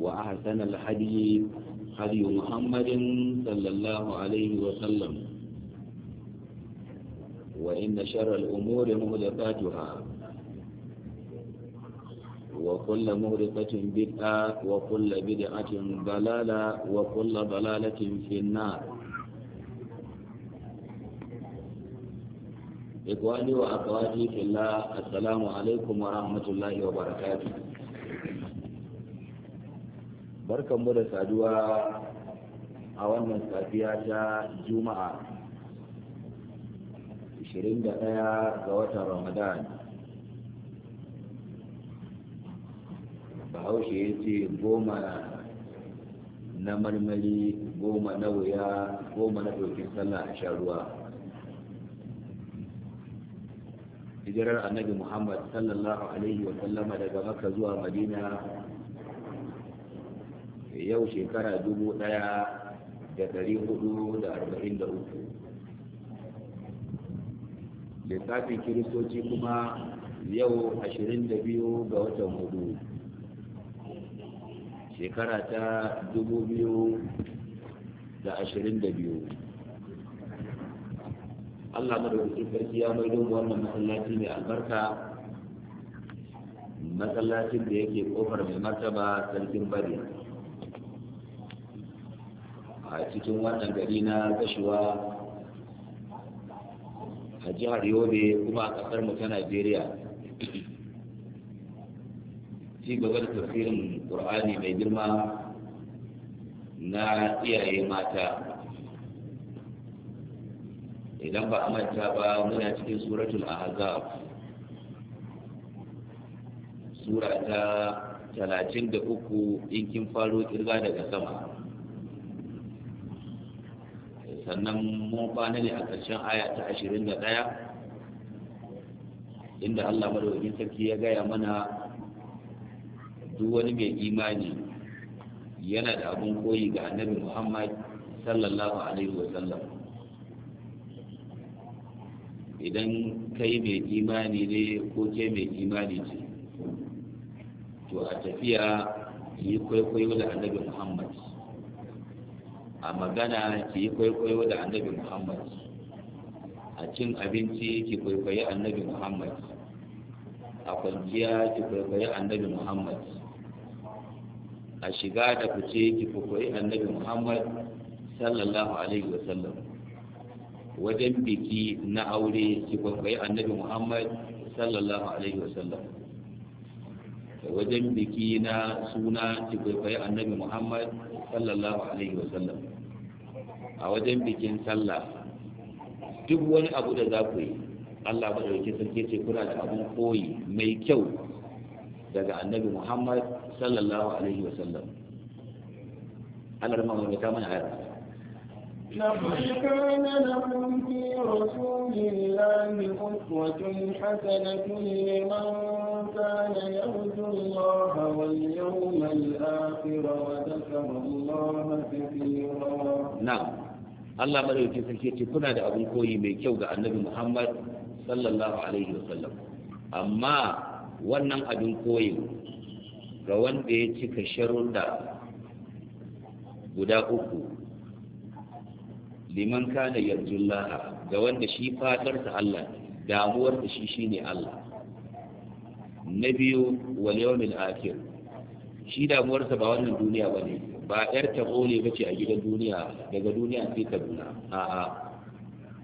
وأحسن الحديث حدي محمد صلى الله عليه وسلم وإن شر الأمور مهدفاتها وكل مهدفة بدعة وكل بدعة ضلالة وكل ضلالة في النار إخواني وأخواتي في الله السلام عليكم ورحمة الله وبركاته mu da saduwa a wannan safiya ta juma'a 21 ga watan ramadan bahaushe ya ce goma na marmari goma na wuya goma na dokin sallah a sha ruwa hijirar annabi muhammad sallallahu alaihi wa sallama daga maka zuwa madina yau shekara dubu ɗaya da ɗari hudu da arba'in da uku lissafin kiristoci kuma yau ashirin da biyu ga watan hudu shekara ta dubu biyu da ashirin da biyu Allah madaukakin sarki ya mai dubu wannan masallaci mai albarka masallacin da yake kofar mai martaba sarkin bari. a cikin wannan gari na gashiwa a jihar yobe kuma a kasar mu ta najeriya ci gaba da tafsirin ƙur'ani mai girma na iyaye mata idan ba a manta ba muna cikin suratul ahzab sura ta talatin da uku in kin faro kirga daga sama sannan mun kwana ne a ƙarshen aya ta ashirin da ɗaya inda Allah madaukakin sarki ya gaya mana duk wani mai imani yana da abin koyi ga annabi Muhammad sallallahu alaihi wa sallam idan kai mai imani ne ko ke mai imani ce to a tafiya yi kwaikwayo da annabi Muhammad a magana ki yi kwaikwayo da annabi muhammad a cin abinci ki kwaikwayi annabi muhammad a kwanciya ki kwaikwayi annabi muhammad a shiga da fice ki kwaikwayi annabi muhammad sallallahu alaihi wasallam wajen biki na aure ki kwaikwayi annabi muhammad sallallahu alaihi wasallam wajen biki na suna ki kwaikwayi annabi muhammad sallallahu alaihi wasallam a wajen bikin sallah duk wani abu da za ku yi Allah maɗauki sarki ce kuna da abun koyi mai kyau daga annabi Muhammad sallallahu alaihi wa sallam Allah da mamaye ta mana ayar لقد كان لكم في رسول الله أسوة حسنة لمن كان يرجو الله واليوم الآخر وذكر الله كثيرا نعم Allah madauki sarki ce kuna da abin koyi mai kyau ga annabi Muhammad sallallahu alaihi wa sallam. amma wannan abin koyi ga wanda ya cika da guda uku liman kana yarjullaha ga wanda shi ta Allah damuwar da shi shine Allah na biyu wal yawmil akhir shi damuwarsa ba wannan duniya bane ba yar ƙone ba ce a gidan duniya daga duniya sai kaduna a'a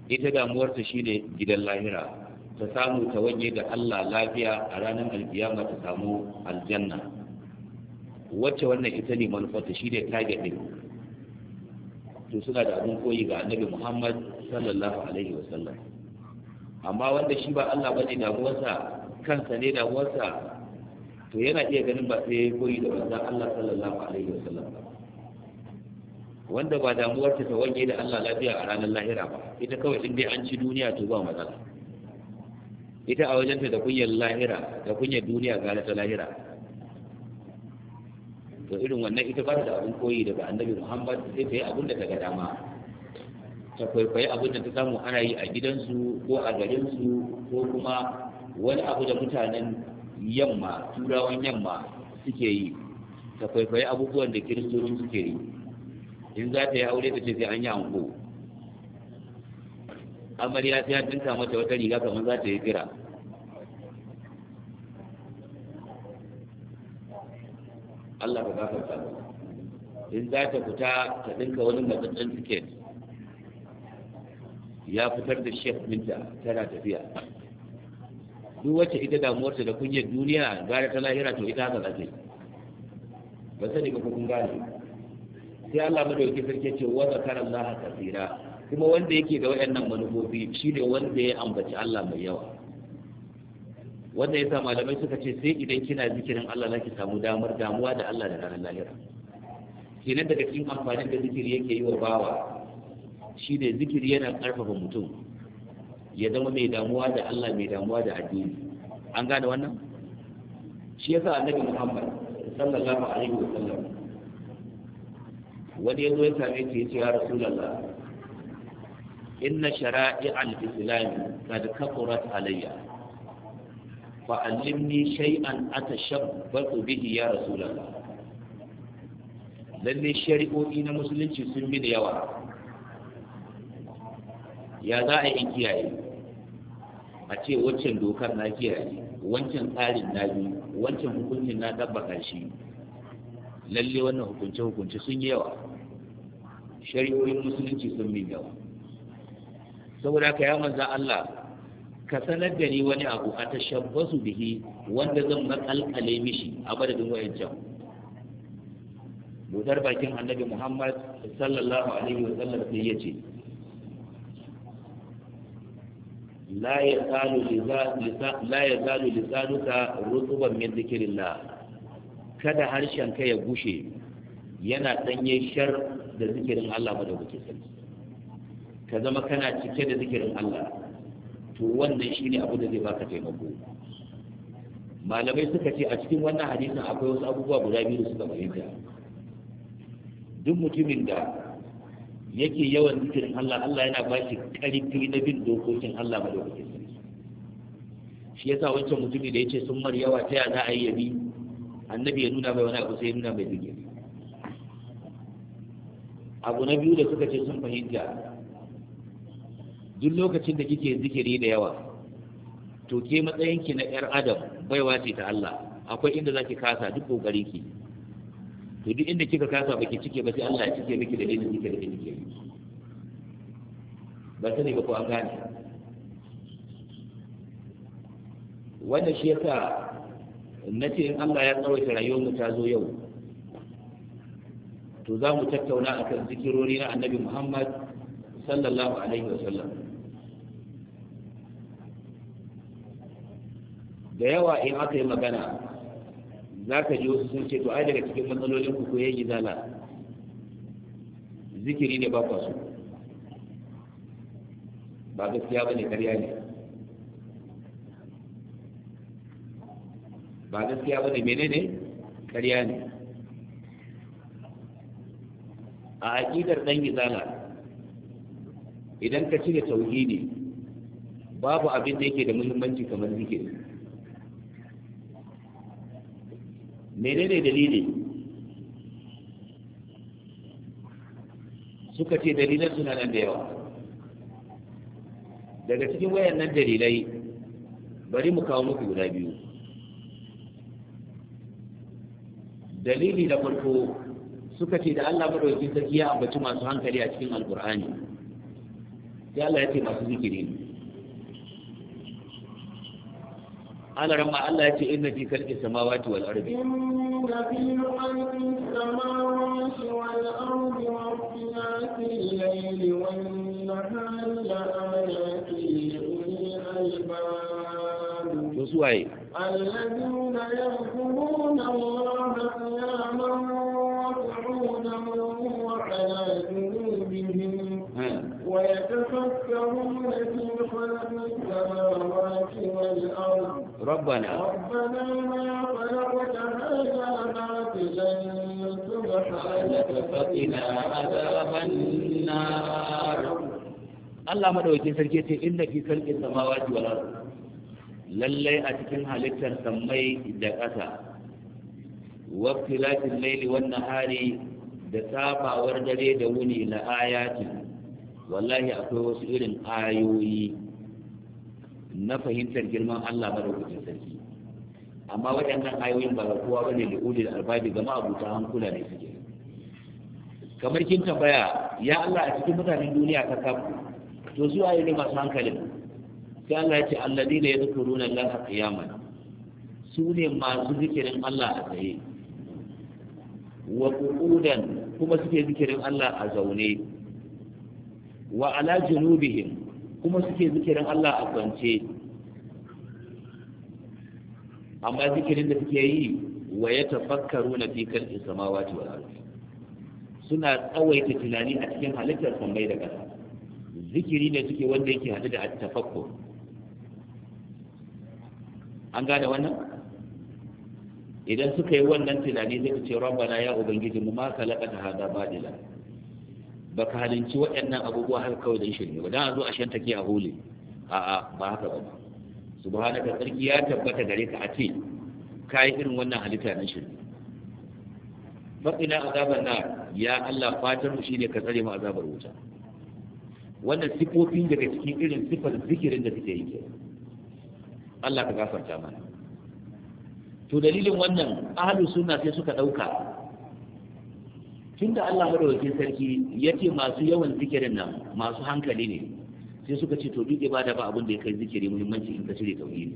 ita damuwarta shine gidan lahira ta samu ta wanye da Allah lafiya a ranar alkiyama ta samu aljanna wacce wannan ita ne manufarta shi ne target din to suna da abin koyi ga annabi Muhammad sallallahu alaihi wa sallam amma wanda shi ba Allah ne damuwarsa kansa ne damuwarsa to yana iya ganin ba sai koyi da wanda Allah sallallahu alaihi wa sallam ba wanda ba damuwar ta wange da Allah lafiya a ranar lahira ba ita kawai in dai an ci duniya to ba matsala ita a wajenta da kunyar lahira da kunyar duniya ga ta lahira to irin wannan ita ba da abin koyi daga annabi Muhammad sai ta yi abin da daga dama ta kwaikwayi abin da ta samu ana yi a gidansu ko a garinsu ko kuma wani abu da mutanen yamma turawan yamma suke yi ta kwaikwayi abubuwan da kiristoci suke yi in za ta yi aure ta ce sai an yi anko amarya sai an tunta mata wata riga kamar za ta yi kira Allah ka gafarta in za ta fita ta dinka wani matsatsen tiket ya fitar da shef minta tana tafiya duk wacce ita damuwarta da kunyar duniya gara ta lahira to ita haka za ba sani ba kun gane sai Allah madauki sarki ce wa zakara Allah kafira kuma wanda yake da wayannan manufofi shine wanda ya ambaci Allah mai yawa wanda yasa malamai suka ce sai idan kina zikirin Allah zaki samu damar damuwa da Allah da ranar lahira kenan daga cikin amfanin da zikiri yake yi wa bawa shine zikiri yana karfafa mutum ya zama mai damuwa da Allah mai damuwa da addini an gane wannan shi yasa annabi Muhammad sallallahu alaihi wa sallam wani yanzu ya same ta ce ya rasulullah inna al islam da kafurat alayya fa allimni shay'an atashabbatu bihi ya rasulullah lalle shari'o'i na musulunci sun bi da yawa ya za a yi kiyaye a ce waccan dokar na kiyaye wancan tsarin na bi wancan hukuncin na dabba shi lalle wannan hukunce hukunce sun yi yawa shari'o'in musulunci sun min yawa saboda haka ya manza Allah ka sanar da ni wani abu a tashabbasu bihi wanda zan makalkale mishi a madadin wayancan budar bakin annabi Muhammad sallallahu alaihi wa sallam sai yace la yazalu lisanuka rutuban min dhikrillah kada harshen ka ya gushe yana ɗanye shar da zikirin Allah ba da kuke sani ka zama kana cike da zikirin Allah to wannan shi ne abu da zai baka taimako malamai suka ce a cikin wannan hadisin akwai wasu abubuwa guda biyu da suka fahimta. duk mutumin da yake yawan zikirin Allah Allah yana ba shi karfi na bin dokokin Allah madaukakin sani shi yasa wancan mutumin da yace sun mar yawa ta yaya za a yi yabi annabi ya nuna mai wani abu sai ya nuna mai dukiya abu na biyu da suka ce sun fahimta duk lokacin da kike zikiri da yawa to ke matsayinki na yar adam baiwa ce ta Allah akwai inda zaki kasa duk kokari ki to duk inda kika kasa baki cike ba sai Allah ya cike miki da dalilin kike da kike ba sani ba ko an gane wannan shi yasa na ce in Allah ya tsawaita mu ta zo yau to za mu tattauna a kan zikirori na annabi Muhammad sallallahu alaihi wa sallam da yawa in aka yi magana za ka ji wasu sun ce to ai daga cikin matsalolin ku koyi gizala zikiri ne ba kwaso ba gaskiya ba ne karya ne ba gaskiya ba ne menene ƙarya ne a aƙidar ɗan izala idan ka cire tauhidi babu abin da yake da muhimmanci kamar zike menene dalili suka ce dalilan suna nan da yawa daga cikin wayannan dalilai bari mu kawo muku guda biyu dalili da farko suka ce da Allah madaukakin sarki ya ambaci masu hankali a cikin alkur'ani sai Allah ya ce masu zikiri Allah ramma Allah ya ce inna fi khalqis samawati wal ardi inna fi khalqis samawati wal ardi wa ikhtilafil layli wan nahari la ayatin li ulil albab to suwaye الذين يذكرون الله قياما وقعودا وعلى جنوبهم ويتفكرون في خلق السماوات والأرض ربنا ربنا ما خلقت هذا باطلا سبحانك فقنا عذاب النار الله مدعوكي سرجيتي إن في خلق السماوات والأرض lallai a cikin halittar sammai da ƙasa wakti latin laili wannan hari da tsafawar dare da wuni la ayatin wallahi akwai wasu irin ayoyi na fahimtar girman Allah madaukakin sarki amma waɗannan ayoyin ba kowa ba ne da ulil albabi ga ma'abuta hankula ne suke kamar kin tambaya ya Allah a cikin mutanen duniya ka kafu to su ayoyi masu hankalin sai Allah ya ce alladina yadhkuruna Allah qiyaman su ne masu zikirin Allah a tsaye wa ƙuƙudan kuma suke zikirin Allah a zaune wa ala junubihim kuma suke zikirin Allah a kwance amma zikirin da suke yi wa ya tafakkaru na fi kan samawati wa ardi suna tsawaita tunani a cikin halittar sammai da ƙasa zikiri ne suke wanda yake hadu da tafakkur an gane wannan idan suka yi wannan tunani zai ce rabbana ya ubangiji mu ma ta hada badila baka halinci waɗannan abubuwa har kawai da shirye ba dan zo a shanta ke a hole a a ba haka ba subhanaka sarki ya tabbata gare ka a ce kai irin wannan halitta na shirye. faqina azabar na ya Allah fatar mu shine ka tsare mu azabar wuta wannan sifofin daga cikin irin sifar zikirin da suke yi kenan Allah ka gafarta mana to dalilin wannan ahlu sunna sai suka dauka tunda Allah madaukakin sarki yace masu yawan zikirin nan masu hankali ne sai suka ce to duk ibada ba abin da ya kai zikiri muhimmanci in ka cire tauhidi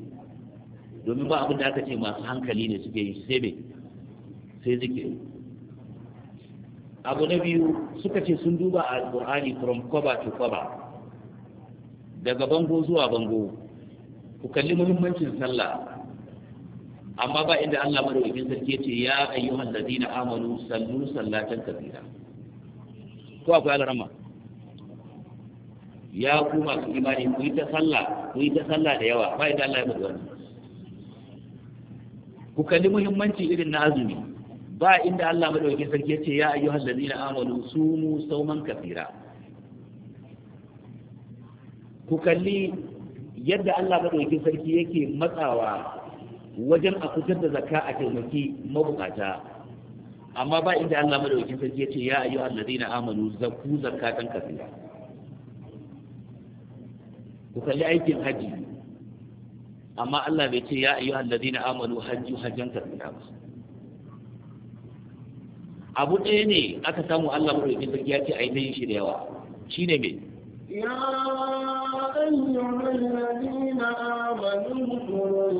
domin ba abin da aka ce masu hankali ne suke yi sai me sai zikiri abu na biyu suka ce sun duba alqur'ani from cover to cover daga bango zuwa bango ku kalli muhimmancin sallah amma ba inda Allah madaukakin sarki ce ya ayyuhan ladina amanu sallu sallatan kabira ko akwai alrama ya ku masu imani ku yi ta sallah ku yi ta sallah da yawa ba inda Allah ya mutu ku kalli muhimmanci irin na azumi ba inda Allah madaukakin sarki ce ya ayyuhan ladina amanu sumu sauman kabira ku kalli yadda Allah madaukakin sarki yake matsawa wajen a fitar da zakka a taimaki mabukata amma ba inda Allah madaukakin sarki ya ce ya ayu allazina amanu zakku zakatan ya? ku kalli aikin haji amma Allah bai ce ya ayu allazina amanu hajju hajjan ya ba abu ɗaya ne aka samu Allah madaukakin sarki ya ce ainihin shi da yawa shine me Ya hanyar da zina masu zuciyar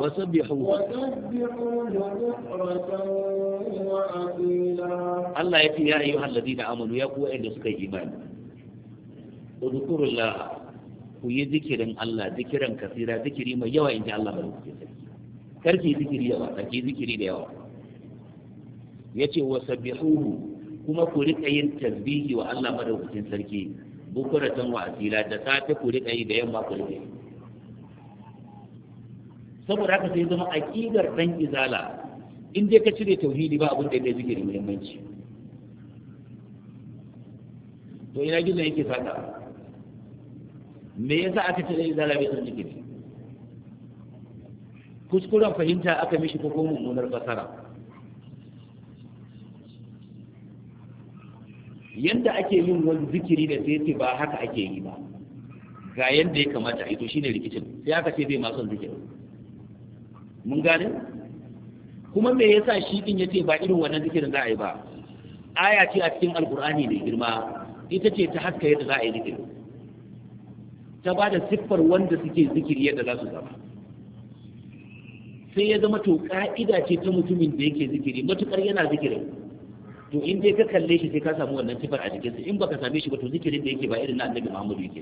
waɗannan zikin zafiqin Allah ya ce yare yohan da zina ya kowa inda suka yi iman. Wudukurin na yi zikirin Allah zikirin kafira zikiri mai yawa inji Allah ban zikiri. Kar zikiri yawa, a zikiri da yawa. yace ce kuma ku riƙa yin tasbihi wa Allah madaukakin sarki bukuratan wa asila da safe ku riƙa yi da yamma ku riƙa yi saboda haka sai zama aƙidar dan izala in dai ka cire tauhidi ba abin da ya zikiri muhimmanci to ina gizon yake saka me yasa aka cire izala bai san zikiri kuskuren fahimta aka mishi ko mummunar fasara yanda ake yin wani zikiri da sai ce ba haka ake yi ba ga yanda ya kamata ito shine rikicin sai aka ce bai ma son zikiri mun gane kuma me yasa shi din yace ba irin wannan zikirin za a yi ba aya ce a cikin alkur'ani da girma ita ce ta haska yadda za a yi zikiri ta ba da siffar wanda suke zikiri yadda za su zama sai ya zama to ka'ida ce ta mutumin da yake zikiri matukar yana zikirin to in dai ka kalle shi sai ka samu wannan sifar a jikinsa in baka same shi ba to zikirin da yake ba irin na annabi Muhammadu yake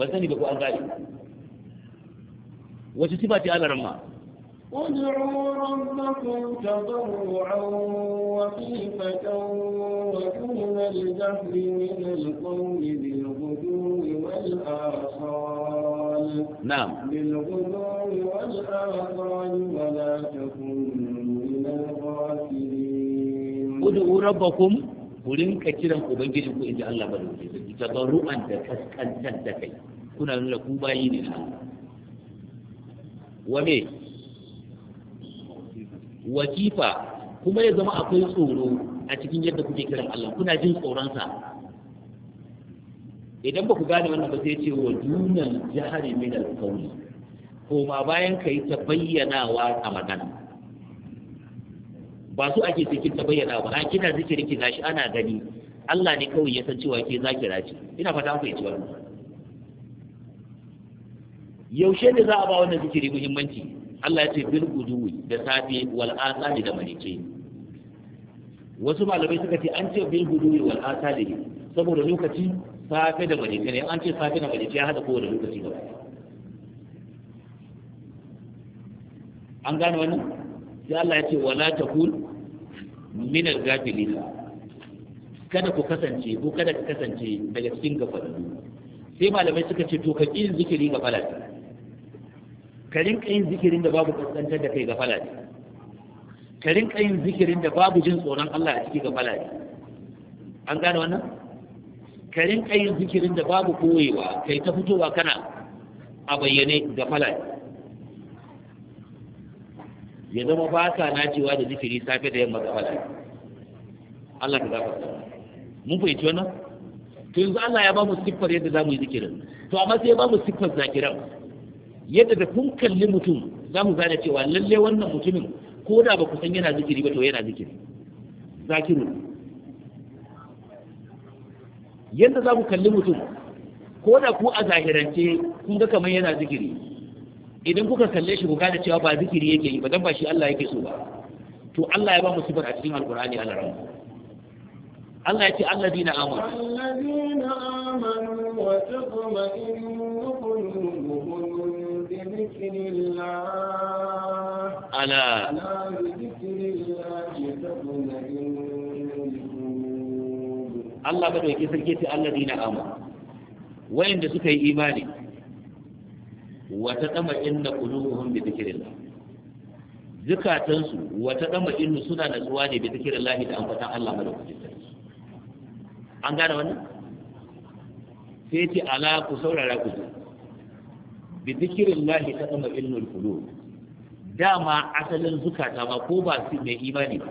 ban sani ba ko an gane wace sifa ce Allah ramma ادعوا ربكم تضرعا وخيفة ودون الجهل من القول بالغدو والآصال نعم بالغدو والآصال ولا تكن ud'u rabbakum ku rinka kiran ubangiji ku inji Allah ba da wuce tabarru'an da kaskantar da kai kuna nuna ku bayi ne na wa me wakifa kuma ya zama akwai tsoro a cikin yadda kuke kiran Allah kuna jin tsoronsa idan ba ku gane wannan ba sai ce wa dunan jahari min alqawli ko ma bayan kai ta bayyanawa a magana ba su ake cikin ta bayyana ba a kina zikiri ki gashi ana gani Allah ne kawai ya san cewa ke zaki raci ina fata ku yi wannan yaushe ne za a ba wannan zikiri muhimmanci Allah ya ce bil guduwi da safe wal asali da malike wasu malamai suka ce an ce bil guduwi wal asali saboda lokaci safe da malike ne an ce safe da malike ya hada kowane lokaci gaba an gane wannan sai Allah ya ce wala takul min al-ghafilin kada ku kasance ko kada ka kasance daga cikin gafalu sai malamai suka ce to ka yin zikiri ga falata ka rinka yin zikirin da babu kaskantar da kai ga falata ka rinka yin zikirin da babu jin tsoron Allah a ciki ga falata an gane wannan ka rinka yin zikirin da babu koyewa kai ta fitowa kana a bayyane ga falata ya zama ba ka nacewa da zikiri safe da yamma gaba Allah ka gafarta mun fahimci wannan to yanzu Allah ya ba mu siffar yadda za mu yi zikirin to amma sai ya ba mu siffar zakiran yadda da kun kalli mutum za mu gane cewa lalle wannan mutumin ko da ba ku san yana zikiri ba to yana zikiri zakirun yadda za ku kalli mutum ko da ku a zahirance kun ga kamar yana zikiri idan kuka kalle shi ku gane cewa ba zikiri yake yi ba dan ba shi Allah yake so ba to Allah ya ba mu sifar a cikin alqur'ani Allah rahmu Allah ya ce alladina amanu alladina amanu wa tatma'innu qulubuhum bi dhikrillah ala Allah ba da yake sarki ce alladina amanu wayanda suka yi imani Wata tatama inna qulubuhum bi dhikrillah zukatansu wata tatama inna suna natsuwa ne bi dhikrillah da ambatan Allah madaukakin sarki an gane wannan sai ce ala ku saurara ku bi dhikrillah tatama inna kuluh dama asalin zukata ba ko ba su mai imani ba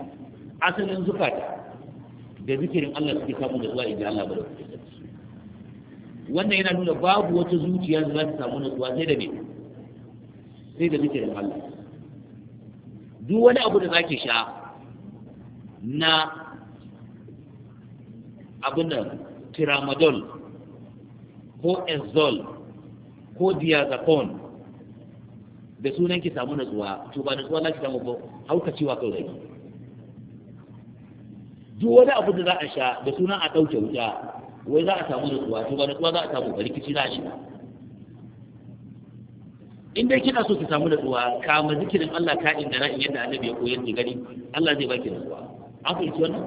asalin zukata da zikirin Allah suke samu da zuwa idan Allah madaukakin sarki wannan yana nuna babu wata zuciya za ta samu nutsuwa sai da me sai da zikirin Allah duk wani abu da zaki sha na abin da tramadol ko ezol ko diazepam da sunan ki samu nutsuwa to ba nutsuwa za ki samu ba hauka cewa kawai zaki duk wani abu da za a sha da sunan a ɗauke wuta wai za a samu nutsuwa to wani kuma za a samu ba rikici za shi in dai kina so ki samu nutsuwa kama zikirin Allah ka inda ra'in yadda annabi ya koyar ki gani Allah zai baki nutsuwa an fahimci wannan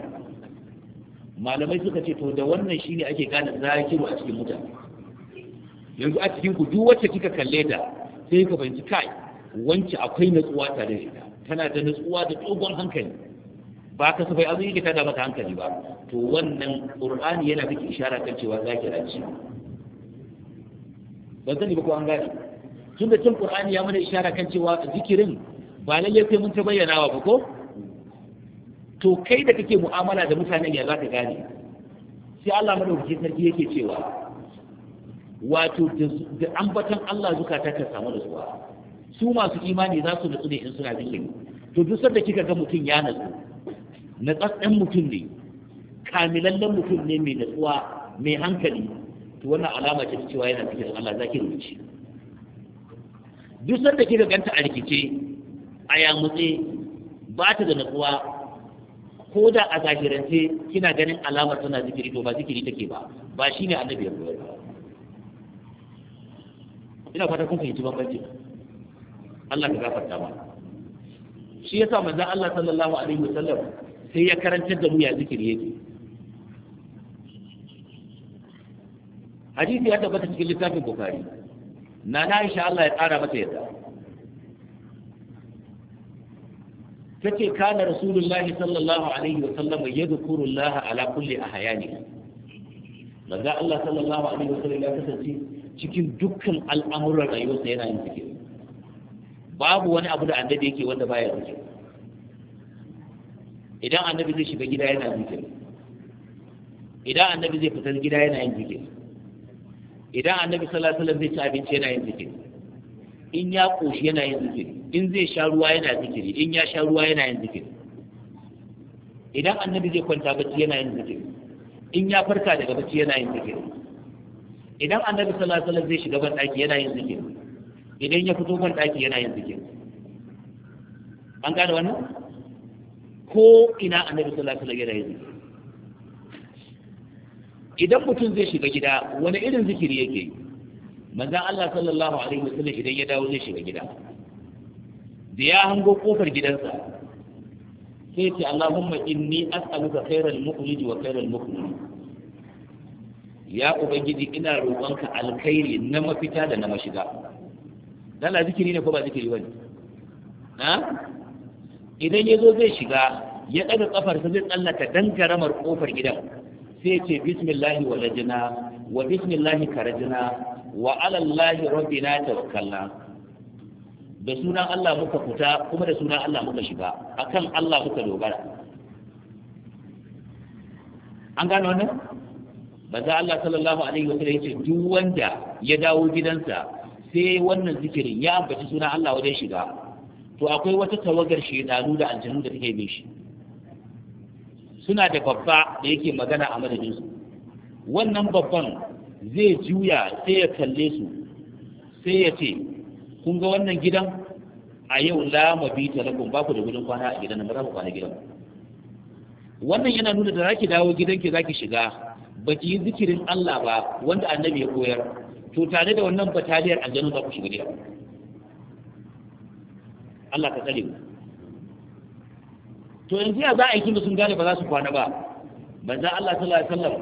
malamai suka ce to da wannan shine ake gane zakiru a cikin mutane yanzu a cikin ku duk wacce kika kalle ta sai ka fahimci kai wance akwai nutsuwa tare da ita tana da nutsuwa da dogon hankali ba ka sufai abin ke tada maka hankali ba to wannan qur'ani yana miki ishara kan cewa za zakira ba ban yi ba ko an gane tun da can qur'ani ya mana ishara kan cewa zikirin ba lalle sai mun ta bayyana wa ba ko to kai da kake mu'amala da mutanen ya za ka gane sai Allah madaukaki sarki yake cewa wato da ambatan Allah zukata ta samu da zuwa su masu imani za su nutsu ne in suna zikiri to duk sanda kika ga mutum ya nutsu na tsatsen mutum ne kamilallen mutum ne mai natsuwa mai hankali to wannan alama ce cewa yana cikin Allah zaki rubuce duk sanda kika ganta a rikice a mutse ba ta da natsuwa ko da a zahirance kina ganin alamar tana zikiri to ba zikiri take ba ba shine annabi ya koyar ina fata kun fahimci bambanci Allah ka gafarta mana shi yasa manzon Allah sallallahu alaihi wasallam sai ya karantar da mu ya zikiri yake hadisi ya tabbata cikin littafin bukari na na insha Allah ya tsara mata yadda tace kana rasulullahi sallallahu alaihi wa sallam yadhkuru Allah ala kulli ahyani manzo Allah sallallahu alaihi wa sallam ya kasance cikin dukkan al'amuran rayuwarsa yana yin zikiri babu wani abu da annabi yake wanda baya zikiri idan annabi zai shiga gida yana jikin, idan annabi zai fitar gida yana yin jikin, idan annabi sallallahu alaihi wasallam zai ci abinci yana yin jikin, in ya koshi yana yin zikiri in zai sha ruwa yana zikiri in ya sha ruwa yana yin zikiri idan annabi zai kwanta bacci yana yin zikiri in ya farka daga bacci yana yin zikiri idan annabi sallallahu alaihi wasallam zai shiga ban daki yana yin zikiri idan ya fito ban daki yana yin zikiri an gane wannan ko ina annabi sallallahu alaihi wasallam yana yi idan mutum zai shiga gida wani irin zikiri yake yi manzon Allah sallallahu alaihi wasallam idan ya dawo zai shiga gida da ya hango kofar gidansa sai ce Allahumma inni as'aluka khairal mukhrij wa khairal mukmin ya ubangiji ina roƙonka alkhairi na mafita da na mashiga dala zikiri ne ko ba zikiri bane na idan ya zo zai shiga ya ɗaga ƙafarsa zai tsallaka karamar ƙofar gidan sai ce bismillahi rajina wa bismillahi rajina wa alallahi rabbina tawakkalna da sunan Allah muka fita kuma da sunan Allah muka shiga akan Allah muka dogara an gano wannan za Allah sallallahu alaihi wasallam yace duk wanda ya dawo gidansa sai wannan zikirin ya ambaci sunan Allah wajen shiga to akwai wata tawagar shaidanu da aljanu da take bin shi suna da babba da yake magana a madadin su wannan babban zai juya sai ya kalle su sai ya ce kun ga wannan gidan a yau la ta ba ku da gudun kwana a gidan ba za ku kwana gidan wannan yana nuna da zaki dawo gidanki zaki shiga ba ki yi zikirin Allah ba wanda annabi ya koyar to tare da wannan bataliyar aljanu za ku shiga gidan Allah ka tsare mu to yanzu ya za a yi tunda sun gane ba za su kwana ba za Allah sallallahu alaihi wasallam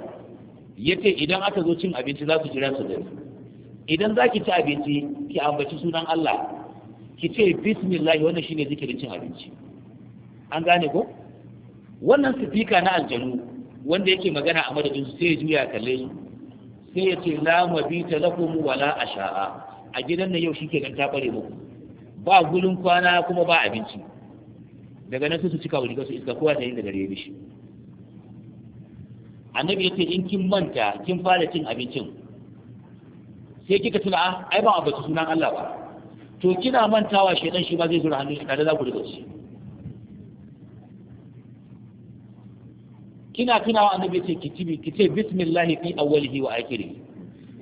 yace idan aka zo cin abinci za su jira su da idan za ki ci abinci ki ambaci sunan Allah ki ce bismillah wannan shine zikirin cin abinci an gane ko wannan sifika na aljanu wanda yake magana a madadin su sai ya juya kalle su sai ya ce la mabita lakum wala asha'a a gidan nan yau shike gan ta bare muku ba gulun kwana kuma ba abinci daga nan su cika wuri su iska kowa ta yin da gare shi annabi ya ce in kin manta kin fara cin abincin sai kika tuna ah, ai ba abu sunan Allah ba to kina mantawa shedan shi ba zai zura hannun shi tare za ku riga shi kina tunawa annabi ce ki tibi ki ce bismillah fi awwalihi wa akhirih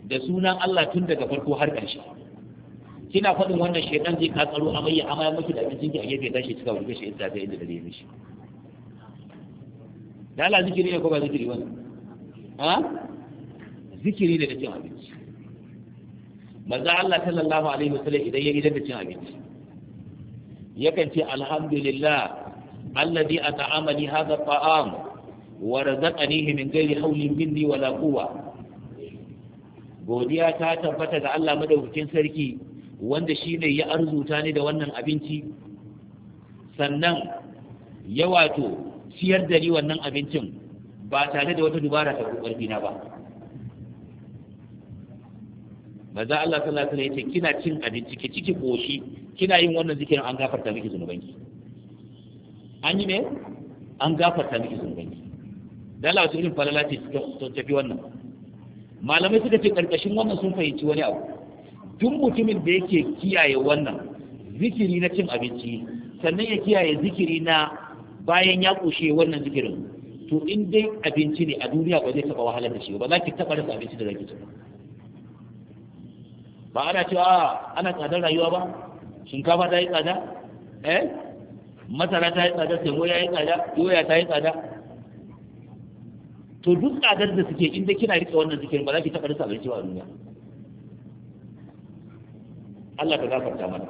da sunan Allah tun daga farko har ƙarshe kina faɗin wannan shaitan zai katsaro amai ya amaya miki da abincin ki a gefe tashi cika wani gashi inda ta inda dare mishi da ala zikiri ne ko ba zikiri ba ha zikiri ne da cin abinci manzo Allah sallallahu alaihi wasallam idan ya yi da cin abinci yakan ce alhamdulillah alladhi at'amani hadha wara wa razaqanihi min ghairi hawlin minni wala quwwa godiya ta tabbata ga Allah madaukakin sarki wanda shi ne ya arzuta ni da wannan abinci sannan ya wato siyar da ni wannan abincin ba tare da wata dubara ta ƙarfi na ba maza Allah sallallahu alaihi wasallam kina cin abinci ki ciki koshi kina yin wannan zikirin an gafarta miki zunubanki an yi ne an gafarta miki zunubanki da Allah wasu irin falala ce ta tafi wannan malamai suka ce karkashin wannan sun fahimci wani abu duk mutumin da yake kiyaye wannan zikiri na cin abinci sannan ya kiyaye zikiri na bayan ya kushe wannan zikirin to in dai abinci ne a duniya ba zai taba wahalar da shi ba za ki taba rasa abinci da zaki ci ba ana cewa ah, ana tsadar rayuwa ba shinkafa ta yi tsada eh masara ta yi tsada sai ya yi tsada doya ta yi tsada to duk tsadar da suke in dai kina rike wannan zikirin ba za ki taba rasa abinci ba a duniya Allah ka gafarta mana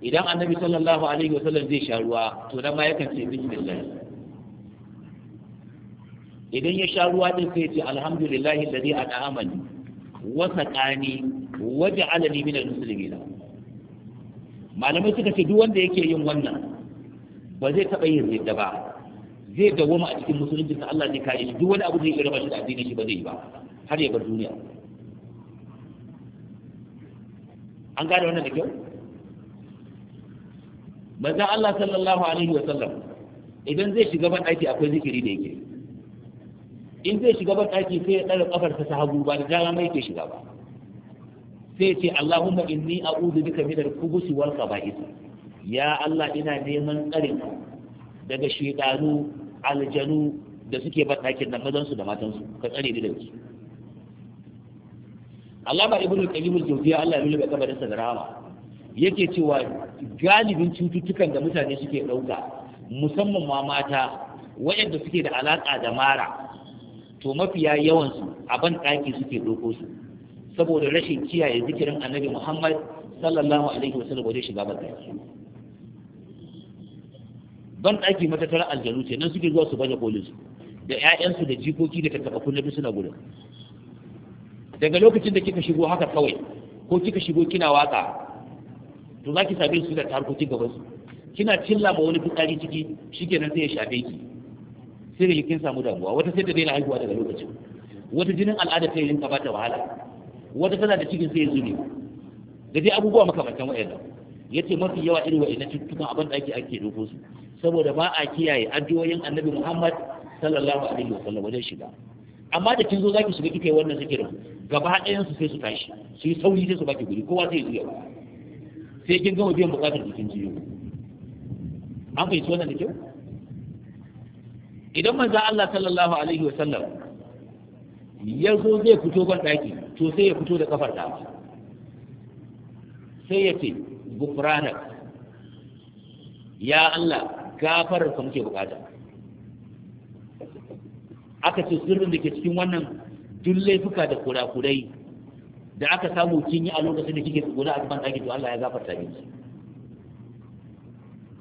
idan annabi sallallahu alaihi wasallam zai sha ruwa to nan ma yakan ce bismillah idan ya sha ruwa din sai ya ce alhamdulillahi alladhi at'amani wa saqani wa ja'alani min al-muslimin malamai suka ce duk wanda yake yin wannan ba zai taɓa yin ridda ba zai dawoma a cikin musulunci ta Allah ne kare shi duk wani abu zai iya raba shi da addinin shi ba zai yi ba har ya bar duniya an gane wannan da kyau manzon Allah sallallahu alaihi wasallam idan zai shiga ban aiki akwai zikiri da yake in zai shiga ban aiki sai ya tsara kafar ta hagu ba da dama mai ke shiga ba sai ya ce Allahumma inni a'udhu bika min al walka wal Isa. ya Allah ina neman tsarin daga shekaru aljanu da suke ban aikin nan mazan su da matan su ka tsare ni da su Allama Ibn Qayyim al-Jawziyya Allah ya lulluɓe kabarinsa sa rahama yake cewa galibin cututtukan da mutane suke ɗauka musamman ma mata wayanda suke da alaƙa da mara to mafiya yawansu a aban daki suke ɗauko su saboda rashin kiyaye zikirin annabi Muhammad sallallahu alaihi wasallam wajen shiga ban daki ban ɗaki matattarar aljanu ce nan suke zuwa su baje kolin su da 'ya'yansu da jikoki da tattaɓa kullabi suna gudu. daga lokacin da kika shigo haka kawai ko kika shigo kina waka to za ki same su da tarkoki gaban su kina cilla ba wani fitsari ciki shikenan sai ya shafe ki sai da kin samu damuwa wata sai ta daina haihuwa daga lokacin wata jinin al'ada sai rinka bata wahala wata tana da cikin sai ya zube da dai abubuwa makamantan wa'annan yace mafi yawa irin wa'annan cututtukan abin da ake ake doko su saboda ba a kiyaye addu'o'in Annabi Muhammad sallallahu alaihi wasallam wajen shiga amma da kin zo za ki shiga kika yi wannan zikirin gaba ɗayan su sai su tashi su yi sauri sai su baki guri kowa sai zuya sai kin gama biyan buƙatar jikin jiyo an fahimci wannan da kyau idan manzo Allah sallallahu alaihi wa sallam ya zo zai fito ban daki to sai ya fito da kafar da sai ya ce gufranak ya Allah gafarar ka muke bukata aka ce sirrin da ke cikin wannan duk laifuka da kurakurai da aka samu kin yi a lokacin da kike tsuguna a cikin ɗaki to Allah ya gafarta miki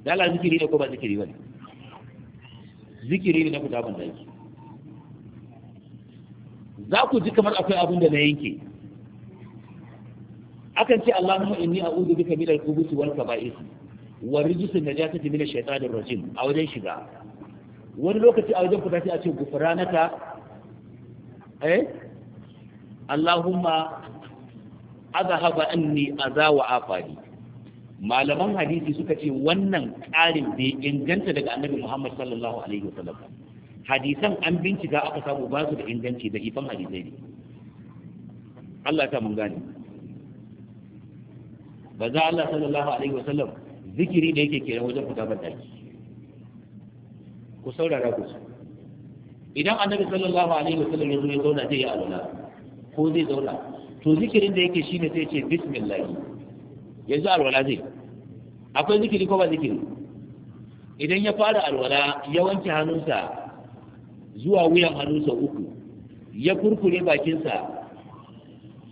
da Allah zikiri ne ko ba zikiri bane zikiri ne na fita ban ɗaki za ku ji kamar akwai abin da na yanke akan ce Allahumma inni a'udhu bika min al-khubuthi wal kaba'is wa rijsi najatati min ash-shaytanir rajim a wajen shiga wani lokaci a wajen fita a ce gufranaka eh Allahumma azhaba anni aza wa afani malaman hadisi suka ce wannan ƙarin bai inganta daga annabi Muhammad sallallahu alaihi wasallam hadisan an bincika aka samu ba su da inganci da ifan hadisai ne Allah ta mun gani, ba za Allah sallallahu alaihi wasallam zikiri da yake kenan wajen fita ban daki ku saurara ku idan annabi sallallahu alaihi wasallam ya zo ya zauna zai yi alwala ko zai zauna to zikirin da yake shine sai ce bismillah yanzu alwala zai akwai zikiri ko ba zikiri idan ya fara alwala ya wanke hannunsa zuwa wuyan hannunsa uku ya kurkure bakinsa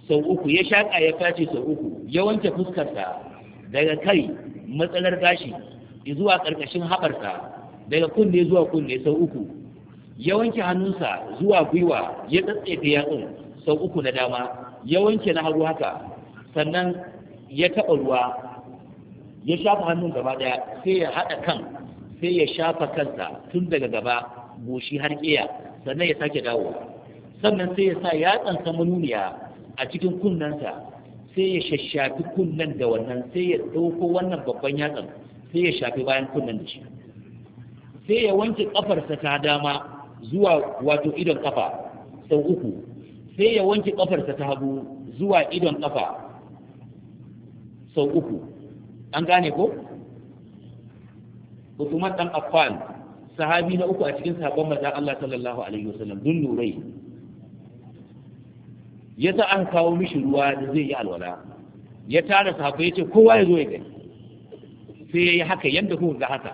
sau uku ya shaƙa ya face sau uku ya wanke fuskarsa daga kai matsalar gashi zuwa ƙarƙashin haɓarsa daga kunne zuwa kunne sau uku ya wanke hannunsa zuwa gwiwa ya tsatsefe yatsun sau uku na dama ya wanke na hagu haka sannan ya taɓa ruwa ya shafa hannun gaba daya sai ya haɗa kan sai ya shafa kansa tun daga gaba goshi har ƙiya sannan ya sake dawo sannan sai ya sa yatsansa manuniya a cikin kunnensa sai ya shashafi kunnen da wannan sai ya ɗauko wannan babban yatsan sai ya shafi bayan kunnen da shi sai ya wanke kafarsa ta dama zuwa wato idon kafa sau uku sai ya wanke kafarsa ta hagu zuwa idon kafa sau uku an gane ko Usman dan Affan sahabi na uku a cikin sahabban manzon Allah sallallahu alaihi wasallam dun nurai ya sa an kawo mishi ruwa da zai yi alwala ya tara sahabbai ya ce kowa ya zo ya gani sai ya yi haka yadda kuka ga haka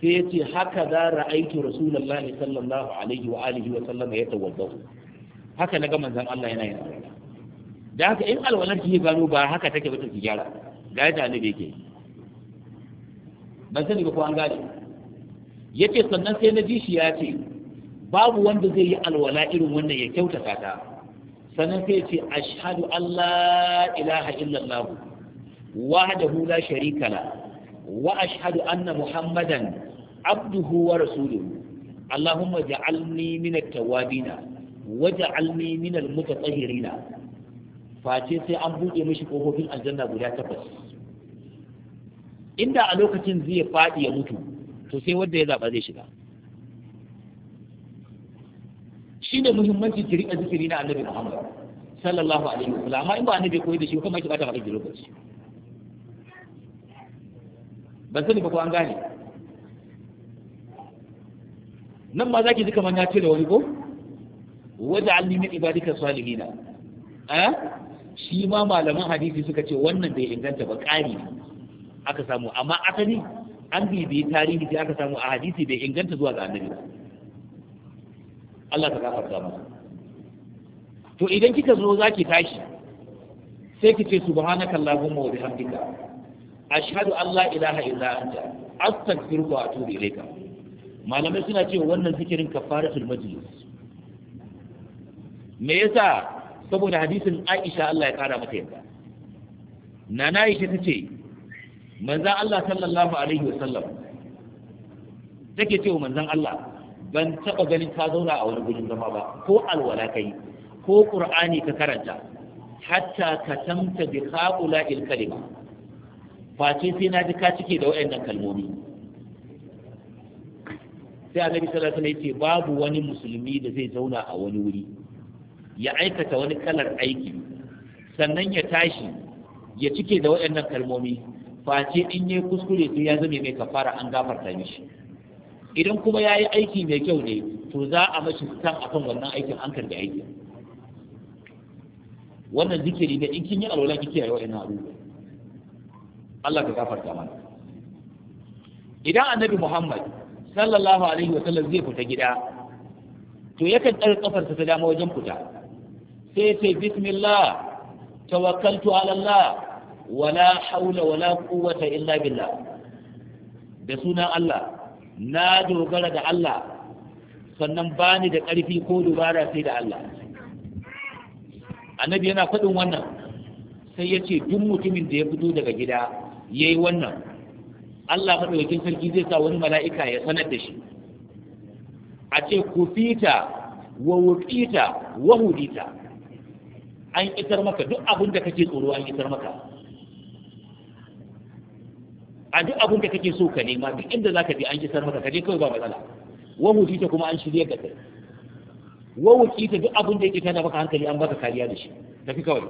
sai ya ce haka za ra'aitu rasulullah sallallahu alaihi wa alihi wa sallama ya tawaddahu haka na ga manzon Allah yana yana alwala da haka in alwalar ki gano ba haka take ba ta gyara ga yadda annabi yake ban sani ba ko an gane yace sannan sai na ji shi ya ce babu wanda zai yi alwala irin wannan ya kyautata ta sannan sai ya ce ashhadu alla ilaha illallah wahdahu la sharika la wa ashhadu anna muhammadan abduhu wa rasuluhu allahumma ja'alni min at-tawabina wa ja'alni min al-mutatahhirina face sai an buɗe mishi kofofin aljanna guda takwas inda a lokacin zai faɗi ya mutu to sai wanda ya zaɓa zai shiga shi ne muhimmanci ki riƙa zikiri na annabi Muhammad sallallahu alaihi wasallam amma in ba annabi koyi da shi kuma ki bata maka lokaci ban sani ba ko an gane nan ma za ki ji kamar ya ce da wani ko waj'alni min ibadika salihina eh shi ma malaman hadisi suka ce wannan bai inganta ba ƙari aka samu amma asali an bibiyi tarihi sai aka samu a hadisi bai inganta zuwa ga annabi Allah ta gafarta masa to idan kika zo zaki tashi sai ki ce subhanaka allahumma wa bihamdika ashhadu an la ilaha illa anta astaghfiruka wa atubu ilayka malamai suna cewa wannan zikirin kafaratul majlis me yasa saboda hadisin Aisha Allah ya kara mata yadda nana Aisha tace manzon Allah sallallahu alaihi wasallam take cewa manzon Allah ban taba ganin ka zauna a wani gurin zama ba ko alwala kai ko qur'ani ka karanta hatta ka tamta bi haula il kalima face sai na ji ka cike da wayannan kalmomi sai annabi sallallahu alaihi wasallam yace babu wani musulmi da zai zauna a wani wuri ya aikata wani kalar aiki sannan ya tashi ya cike da waɗannan kalmomi face in yi kuskure sai ya zame mai kafara an gafarta mishi idan kuma ya yi aiki mai kyau ne to za a mashi a akan wannan aikin an karbi aikin wannan zikiri ne in kin yi alwala kike yi wa'annan abubuwa Allah ka gafarta mana idan annabi Muhammad sallallahu alaihi wa sallam zai fita gida to yakan ɗaga kafar ta dama wajen fita sai ya ce bismillah tawakkaltu ala Allah wala haula wala quwwata illa billah da sunan Allah na dogara da Allah sannan bani da ƙarfi ko dubara sai da Allah annabi yana faɗin wannan sai ya ce duk mutumin da ya fito daga gida yayi wannan Allah madaukakin sarki zai sa wani mala'ika ya sanar da shi a ce kufita wa wuqita wa hudita an isar maka duk abin da kake tsoro an isar maka a duk abin da kake so ka nema duk inda zaka bi an isar maka kaje kawai ba matsala wa hudita kuma an shirye ka kai wa wuqita duk abin da yake tana baka hankali an baka kariya da shi tafi kawai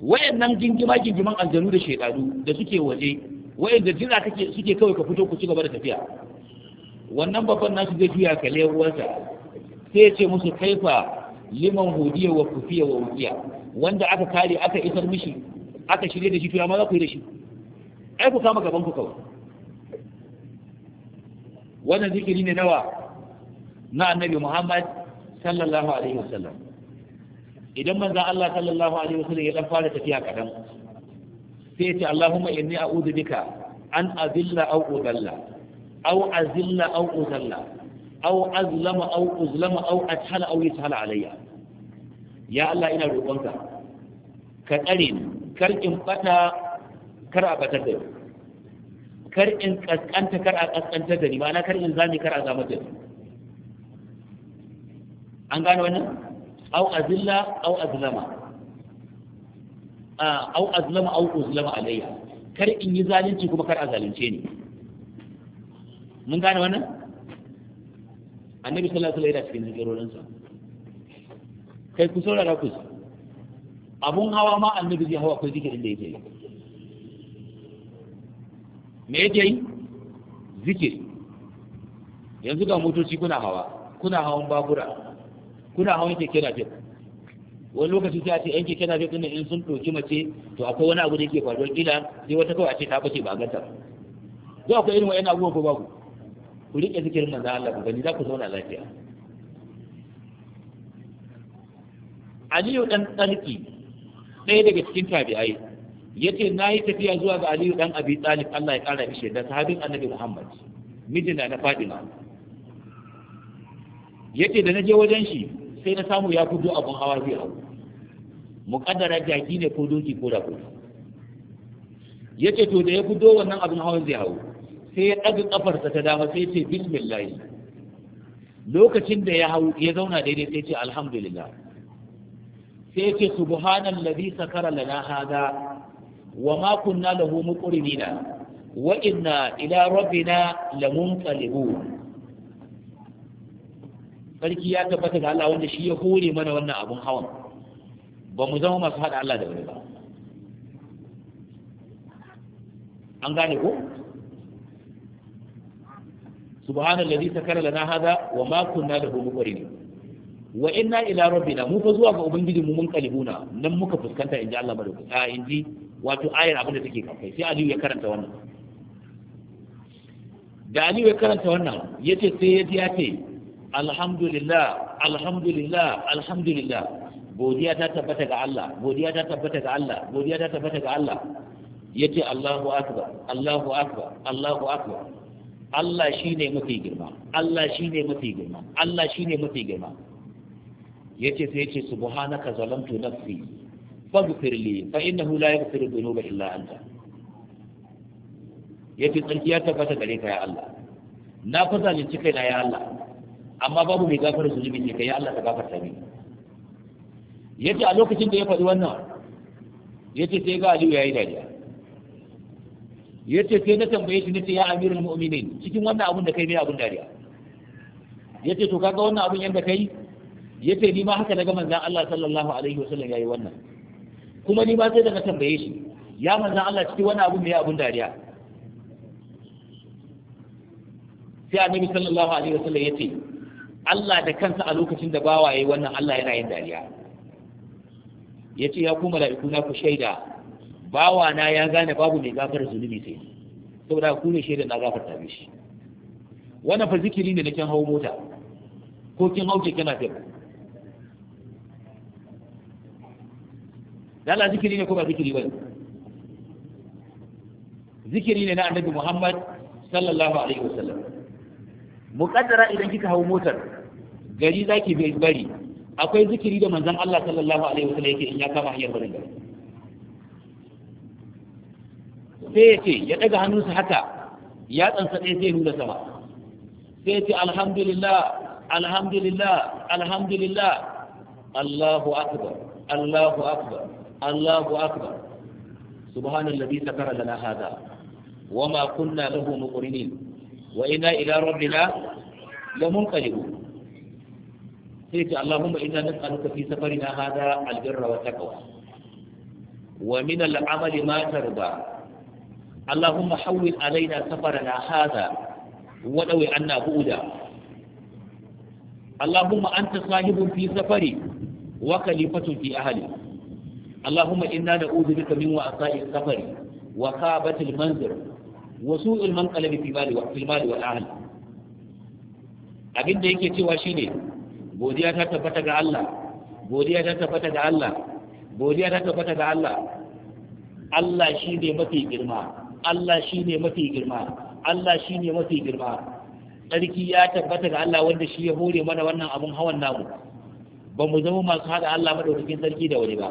Wayan nan jingima jingiman aljanu da shekaru da suke waje wayan da jira kake suke kawai ka fito ku ci gaba da tafiya wannan babban nasu zai juya ka lewansa sai ya ce musu kaifa liman hudiya wa kufiya wa wukiya wanda aka kare aka isar mishi aka shirye da shi to ma za ku yi da shi ai ku kama gaban ku kawai wannan zikiri ne nawa na annabi Muhammad sallallahu alaihi wasallam idan manzan Allah sallallahu alaihi wasallam ya dan fara tafiya kadan sai ya ce Allahumma inni a'udhu bika an azilla aw udalla aw azilla aw udalla aw azlama aw uzlama aw athala aw yathala alayya ya Allah ina roƙonka ka tsare ni kar in bata kar a batar da kar in kaskanta kar a kaskanta da ni ma'ana kar in zami kar a zama da ni an gane wannan au azilla au azlama au azlama au uzlama alayya kar in yi zalunci kuma kar a zalunce ni mun gane wannan annabi sallallahu alaihi wasallam yana cikin zikirorinsa kai ku saurara ku abun hawa ma annabi zai hawa akwai zikirin da yake yi me yake yi zikiri yanzu ga motoci kuna hawa kuna hawan babura kuna hawan keke na wani lokaci sai a ce yan keke na fit in sun ɗauki mace to akwai wani abu da yake faruwa kila sai wata kawai a ce ta bace ba ganta ko akwai irin wa'annan abubuwan ko babu ku riƙe zikirin da Allah ku gani za ku zauna lafiya Aliyu ɗan tsarki ɗaya daga cikin tabi'ai yace na yi tafiya zuwa ga Aliyu ɗan Abi Talib Allah ya ƙara mishi da sahabin Annabi Muhammad mijina na Fadima yace da naje wajen shi sai na samu ya fito abun hawa zai hau muƙaddara jaki ne ko doki ko rago yace to da ya fito wannan abun hawa zai hau sai ya ɗaga ƙafarsa ta dama sai ce bismillah lokacin da ya hau ya zauna daidai sai ce alhamdulillah sai ce subhanan ladhi sakara lana hada wa ma kunna lahu muqrinina wa inna ila rabbina lamunqalibun sarki ya tabbata ga Allah wanda shi ya hore mana wannan abun hawan ba mu zama masu haɗa Allah da wani ba an gane ko subhanallazi sakara lana hada wa ma kunna lahu muqrinin wa inna ila rabbina mu fa zuwa ga ubangiji mu mun kalibuna nan muka fuskanta inji Allah ku a inji wato ayar abin da take kafai sai Aliyu ya karanta wannan da Aliyu ya karanta wannan yace sai ya ji ya ce alhamdulillah alhamdulillah alhamdulillah godiya ta tabbata ga Allah godiya ta tabbata ga Allah godiya ta tabbata ga Allah yace Allahu akbar Allahu akbar Allahu akbar Allah shine mafi girma Allah shine mafi girma Allah shine mafi girma yace sai yace subhanaka zalamtu nafsi faghfir li fa innahu la yaghfiru dhunuba illa anta yace tsarki ya tabbata gare ka ya Allah na fa zalunci kaina ya Allah amma babu mai gafara zunubi ne kai Allah ta gafarta ne yace a lokacin da ya faɗi wannan yace sai ga Aliyu yayi dariya yace sai na tambaye shi nace ya amirul mu'minin cikin wannan abun da kai ne abun dariya yace to kaga wannan abun yanda kai yace ni ma haka daga manzon Allah sallallahu alaihi wasallam yayi wannan kuma ni ma sai daga tambaye shi ya manzon Allah cikin wannan abun ne abun dariya sai annabi sallallahu alaihi wasallam yace Allah da kansa a lokacin da bawa yayi wannan Allah yana yin dariya yace ya kuma mala'iku na ku shaida bawa na ya gane babu mai gafar zunubi sai saboda ku ne shaida na gafarta mishi wannan fa zikiri ne na kin hawo mota ko kin hauke kana tafi la zikiri ne ko ba zikiri ba zikiri ne na annabi Muhammad sallallahu alaihi wasallam muqaddara idan kika hawo motar gari zaki bai bari akwai zikiri da manzon Allah sallallahu alaihi wasallam yake in ya kama hanyar barin gari sai ya ce ya daga hannunsa haka ya tsansa ɗaya sai nuna sama sai ya ce alhamdulillah alhamdulillah alhamdulillah Allahu akbar Allahu akbar Allahu akbar subhanallazi sakara lana hada wama kunna lahu muqrinin wa inna ila rabbina lamunqalibun sai ce Allahumma inna nas'aluka fi safarina hada albirra wa taqwa wa min al'amali ma tarda Allahumma hawwin alaina safarana hada wa dawi anna bu'da Allahumma anta sahibun fi safari wa khalifatun fi ahli Allahumma inna na'udhu bika min wa'sa'i safari wa khabati al-manzir wa su'i al-manqalabi fi mali wa fi mali wal ahli abinda yake cewa shine godiya ta tabbata ga Allah godiya ta tabbata ga Allah godiya ta tabbata ga Allah Allah shi ne mafi girma Allah shi ne mafi girma Allah shi ne mafi girma Sarki ya tabbata ga Allah wanda shi ya hore mana wannan abun hawan namu ba mu zama masu hada Allah maɗaukakin sarki da wani ba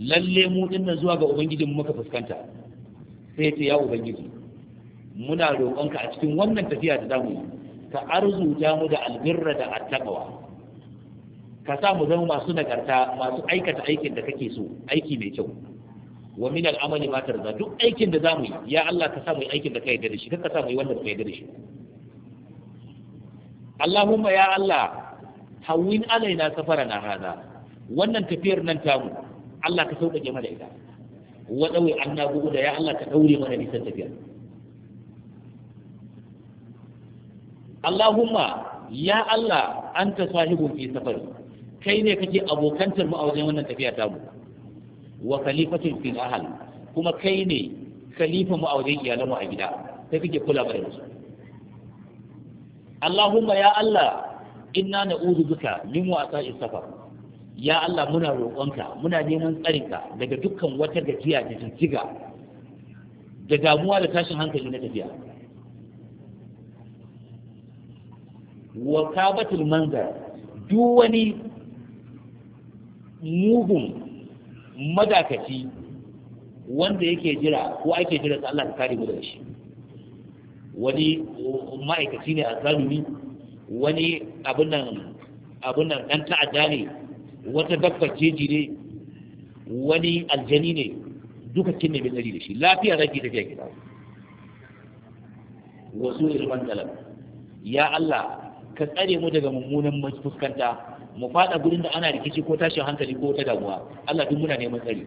lalle mu dinnan zuwa ga ubangijin muka fuskanta sai ce ya ubangiji muna roƙonka a cikin wannan tafiya da zamu yi ka arzuta mu da albirra da attaqwa ka sa mu zama masu nagarta masu aikata aikin da kake so aiki mai kyau wa min amali ma tarza duk aikin da zamu yi ya Allah ka sa mu aikin da ka yarda da shi ka sa mu wanda ka yarda da shi Allahumma ya Allah hawwin alaina safarana hada wannan tafiyar nan tamu Allah ka sauƙaƙe mana ita wa dawi annabu da ya Allah ka daure mana nisan tafiyar Allahumma ya Allah anta sahibun fi safari kai ne kake abokantar mu a wajen wannan tafiya ta mu wa khalifatin fil ahl kuma kai ne khalifa mu a wajen iyalan a gida kai kake kula da su Allahumma ya Allah inna na'udhu bika min wa'sa'i safar ya Allah muna roƙonka muna neman tsarinka daga dukkan wata gajiya da jijjiga da damuwa da tashin hankali na tafiya wa kabatul manzar duk wani mugun madakaci wanda yake jira ko ake jira sa Allah ta kare mu daga shi wani ma'aikaci ne a zalumi wani abin nan dan ta'adda ne wata dabbar jeji ne wani aljani ne duka kin ne bin da shi lafiya rage tafiya gida wasu irman talab ya Allah ka tsare mu daga mummunan fuskanta mu fada gurin da ana rikici ko tashin hankali ko ta damuwa Allah duk muna neman tsari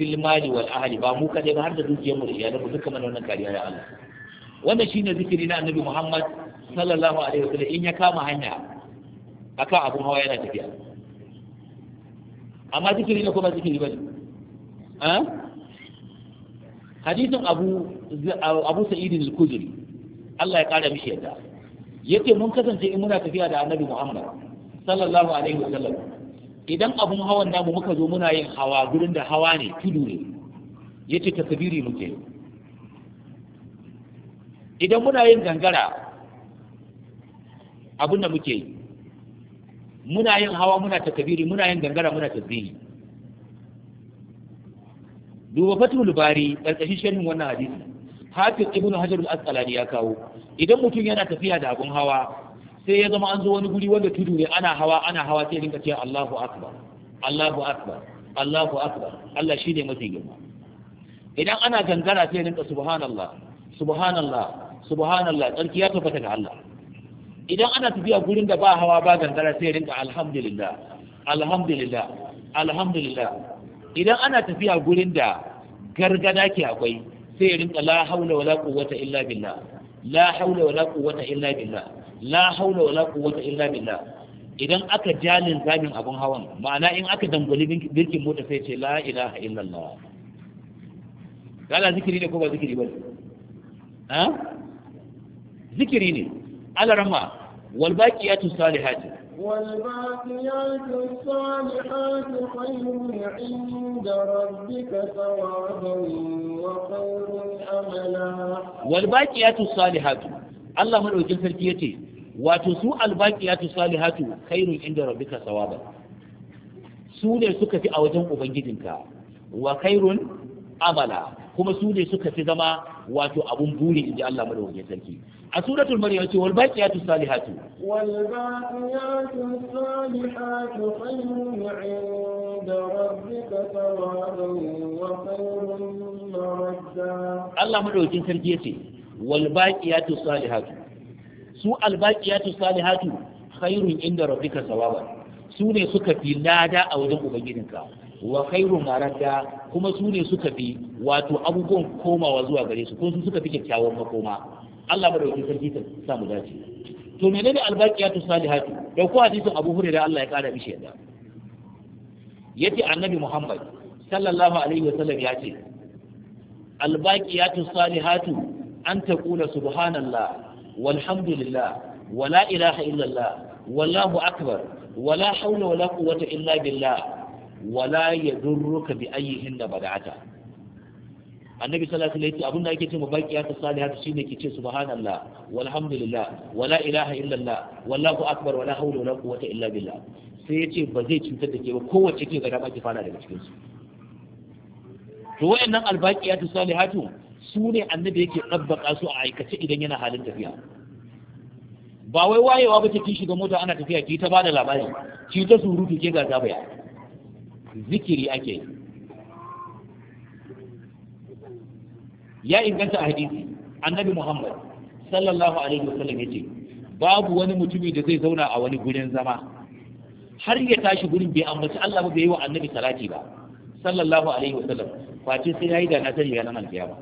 fil mali wal ahli ba mu kaɗai ba har da dukiyar mu da iyalan mu duka mana wannan kariya ya Allah wannan shine zikiri na Annabi Muhammad sallallahu alaihi wasallam in ya kama hanya akan abun hawa yana tafiya amma zikiri ne kuma zikiri bane ha hadisin Abu Abu Sa'id al-Khudri Allah ya kare mishi yadda yake mun kasance in muna tafiya da annabi Muhammad sallallahu alaihi wa sallam. idan abun hawan namu muka zo muna yin hawa gurin da hawa ne tudu ne yace tasbiri muke idan muna yin gangara abun da muke yi muna yin hawa muna takbiri muna yin gangara muna tasbihi duba fatul bari karkashin shirin wannan hadisi hafiz ibnu hajar al-asqalani ya kawo idan mutum yana tafiya da abun hawa sai ya zama an zo wani guri wanda tudu ne ana hawa ana hawa sai rinka cewa Allahu akbar Allahu akbar Allahu akbar Allah shine mafi girma idan ana gangara sai rinka subhanallah subhanallah subhanallah tsarki ya tabbata ga Allah idan ana tafiya gurin da ba hawa ba gangara sai rinka alhamdulillah alhamdulillah alhamdulillah idan ana tafiya gurin da gargada ke akwai sai ya rinka la haula wala quwwata illa billah la haula wala quwwata illa billah la haula wala quwwata illa billah idan aka jalin zamin abun hawan ma'ana in aka dangwali birkin mota sai ce la ilaha illallah kana zikiri ne ko ba zikiri ba ha zikiri ne alarama wal baqiyatu salihati والباقيات الصالحات خير عند ربك ثوابا وخير املا والباقيات الصالحات الله من وجه الفرقية wato su albaqiyatu salihatu khairun inda rabbika su ne suka fi a wajen ubangijinka wa khairun amala kuma su ne suka fi zama wato abun buri inji Allah madawacin sarki a suratul maryam ce wal baqiyatu salihatu wal baqiyatu salihatu khayrun 'inda rabbika thawaban wa khayrun maradda Allah madaukakin sarki yace wal baqiyatu salihatu su al baqiyatu salihatu khayrun 'inda rabbika thawaban su ne suka fi lada a wajen ubangijinka wa khairu maradda kuma su ne suka fi wato abubuwan komawa zuwa gare su ko su suka fi kyakkyawan makoma Allah madaukakin sarki ta samu dace to menene albaqiyatu salihatu da ku hadisin Abu Hurairah Allah ya kara mishi yadda yace annabi Muhammad sallallahu alaihi wasallam ya ce albaqiyatu salihatu an taqula subhanallah walhamdulillah wala ilaha illallah wallahu akbar wala haula wala quwwata illa billah wala yadurruka bi ayyihin da bada'ata annabi sallallahu alaihi wasallam abinda ake ce mu baki ya ta salihatu shine ke ce subhanallah walhamdulillah wala ilaha illallah wallahu akbar wala hawla wala quwwata illa billah sai ya ce ba zai cutar da ke ba kowace ke gada baki fara daga cikin su to wayannan albaqiyatu salihatu su ne annabi yake dabbaka su a aikace idan yana halin tafiya ba wai wayewa ba ki shiga mota ana tafiya ki ta bada labari ki ta surutu ke ga zabaya zikiri ake yi ya inganta a hadisi annabi muhammad sallallahu alaihi wasallam yace babu wani mutumi da zai zauna a wani gurin zama har ya tashi gurin bai ambaci Allah ba bai yi wa annabi salati ba sallallahu alaihi wasallam face sai yayi da nasari ga nan ba.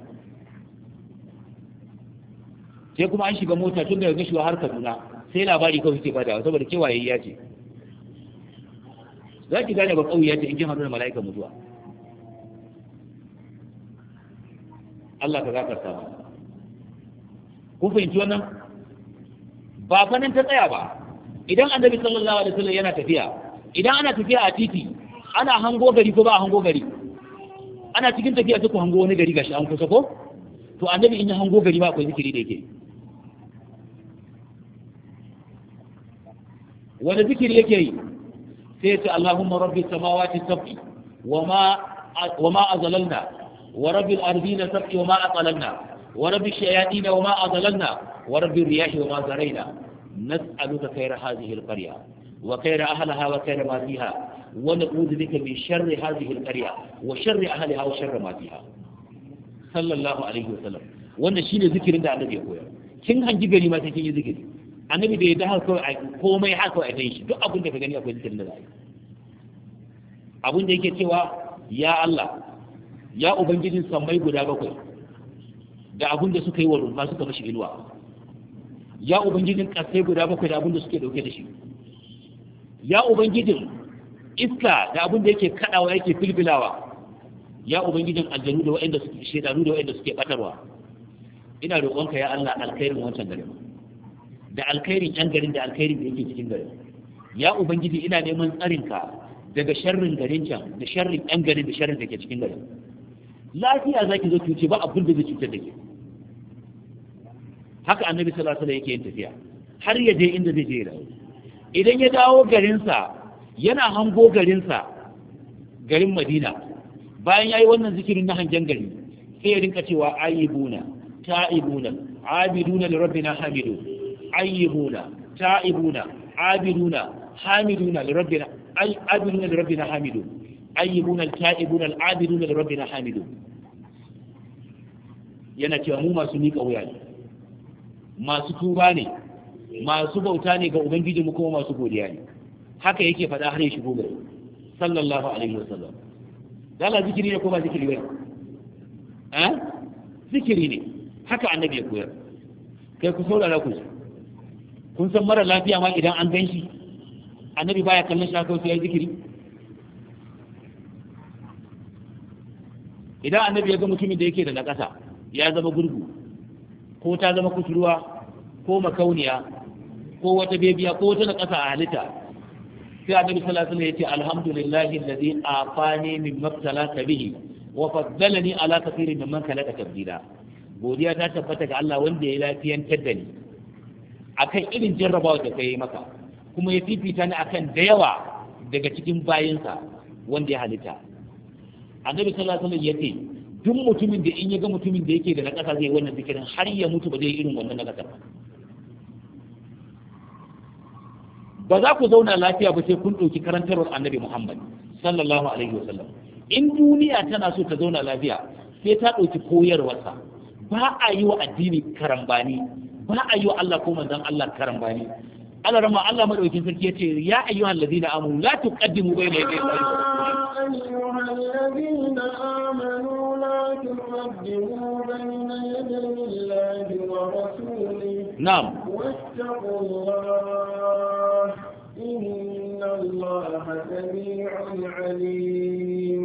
sai kuma an shiga mota tun daga gashiwa har Kaduna sai labari kawai suke bada saboda kewaye ya ce za ki gane ba kauye ya ce in kin hadu da mala'ikan mutuwa Allah ka gafarta mu kun fahimci wannan ba fannin ta tsaya ba idan annabi sallallahu alaihi wasallam yana tafiya idan ana tafiya a titi ana hango gari ko ba hango gari ana cikin tafiya ta ku hango wani gari gashi an kusa ko to annabi in ya hango gari ba akwai zikiri da yake wani zikiri yake yi sai ya ce Allahumma rabbi samawati sabbi wa ma wa ma azalalna ورب الأرضين سبك وما أطلنا ورب الشياطين وما أضللنا ورب الرياح وما زرينا نسألك خير هذه القرية وخير أهلها وخير ما فيها ونعوذ بك من شر هذه القرية وشر أهلها وشر ما فيها صلى الله عليه وسلم wannan shine zikirin da annabi ya koyar kin hangi gari ma sai kin yi zikiri annabi da ya da haka kawai komai haka a dai shi duk abin da ka gani akwai zikirin da za a yi yake cewa ya Allah ya ubangijin sammai guda bakwai da abin da suka yi wa rumba suka mashi inuwa ya ubangijin kasai guda bakwai da abin da suke dauke da shi ya ubangijin iska da abin da yake kadawa yake filbilawa. ya ubangijin aljanu da waɗanda suke shedanu da waɗanda suke batarwa ina roƙonka ya Allah alkhairin wancan garin da alkhairin yan garin da alkhairin da yake cikin garin ya ubangiji ina neman tsarinka daga sharrin garin can da sharrin yan garin da sharrin da ke cikin garin lafiya zaki zo cuce ba abin da zai cutar da ke haka annabi sallallahu alaihi yake yin tafiya har ya je inda zai je da dawo idan ya dawo garinsa yana hango garinsa garin madina bayan ya yi wannan zikirin na hangen gari sai ya rinka cewa ayyibuna ta'ibuna abiduna li rabbina hamidu ayyibuna ta'ibuna abiduna hamiduna li rabbina ay abiduna li rabbina hamidu ayyibuna al-ta'ibuna al-abiduna li rabbina hamidun yana cewa mu masu miƙa wuya ne masu tuba ne masu bauta ne ga ubangiji mu kuma masu godiya ne haka yake faɗa har ya shigo gari sallallahu alaihi wasallam dala zikiri ne ko ba zikiri ba eh zikiri ne haka annabi ya koyar kai ku saurara ku kun san mara lafiya ma idan an ganshi annabi baya kallon shi haka sai zikiri idan annabi ya ga mutumin da yake da nakasa ya zama gurgu ko ta zama kusurwa ko makauniya ko wata bebiya ko wata nakasa a halitta sai annabi sallallahu alaihi ya ce alhamdulillahi alladhi afani min mabtalaka bihi wa faddalani ala kathirin mimman khalaqa tabdila godiya ta tabbata ga Allah wanda ya lafiyantar da ni akan irin jarrabawa da kai maka kuma ya fifita ni akan da yawa daga cikin bayinsa wanda ya halitta annabi sallallahu alaihi wasallam yace duk mutumin da in ya ga mutumin da yake da na ƙasa zai wannan zikirin har ya mutu ba zai irin wannan na ba ba za ku zauna lafiya ba sai kun ɗauki karantarwar annabi Muhammad sallallahu alaihi wasallam in duniya tana so ta zauna lafiya sai ta ɗauki koyarwarsa ba a yi wa addini karambani ba a yi wa Allah ko manzon Allah karambani Allah rama Allah madaukin sarki yace ya ayyuhal ladina amanu la tuqaddimu bayna yaday Allah ayyuhal ladina amanu la tuqaddimu bayna yaday Allah wa rasulihi Na'am wattaqullaha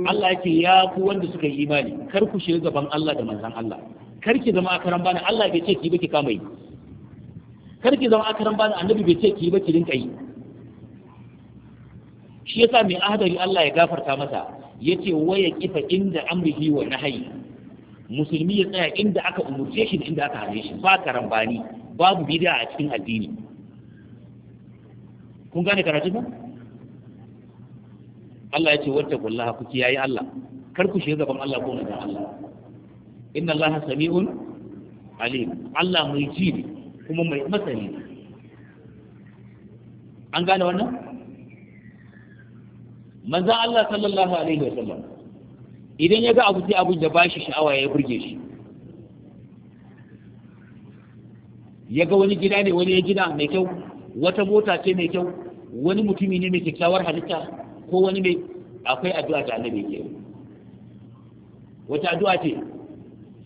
Allah yake ya ku wanda suka yi imani kar ku shiga gaban Allah da manzon Allah kar ki zama a karan bana Allah bai ce ki ba ki kama yi kar ki zama akaran bani annabi bai ce ki yi ba ki rinka yi shi yasa mai ahadari Allah ya gafarta masa yace waya kifa inda amrihi wa nahyi musulmi ya tsaya inda aka umurce shi da inda aka hane shi ba karan bani babu bid'a a cikin addini kun gane karatu ba Allah ya ce wata kullaha ku kiyaye Allah kar ku shiga gaban Allah ko manzon Allah inna Allah sami'un alim Allah mai ji ne kuma mai masani an gane wannan manza Allah sallallahu alaihi wa sallam idan ya ga abu sai abin da bashi sha'awa ya burge shi ya ga wani gida ne wani ya gida mai kyau wata mota ce mai kyau wani mutumi ne mai kyakkyawar halitta ko wani mai akwai addu'a ta mai ke wata addu'a ce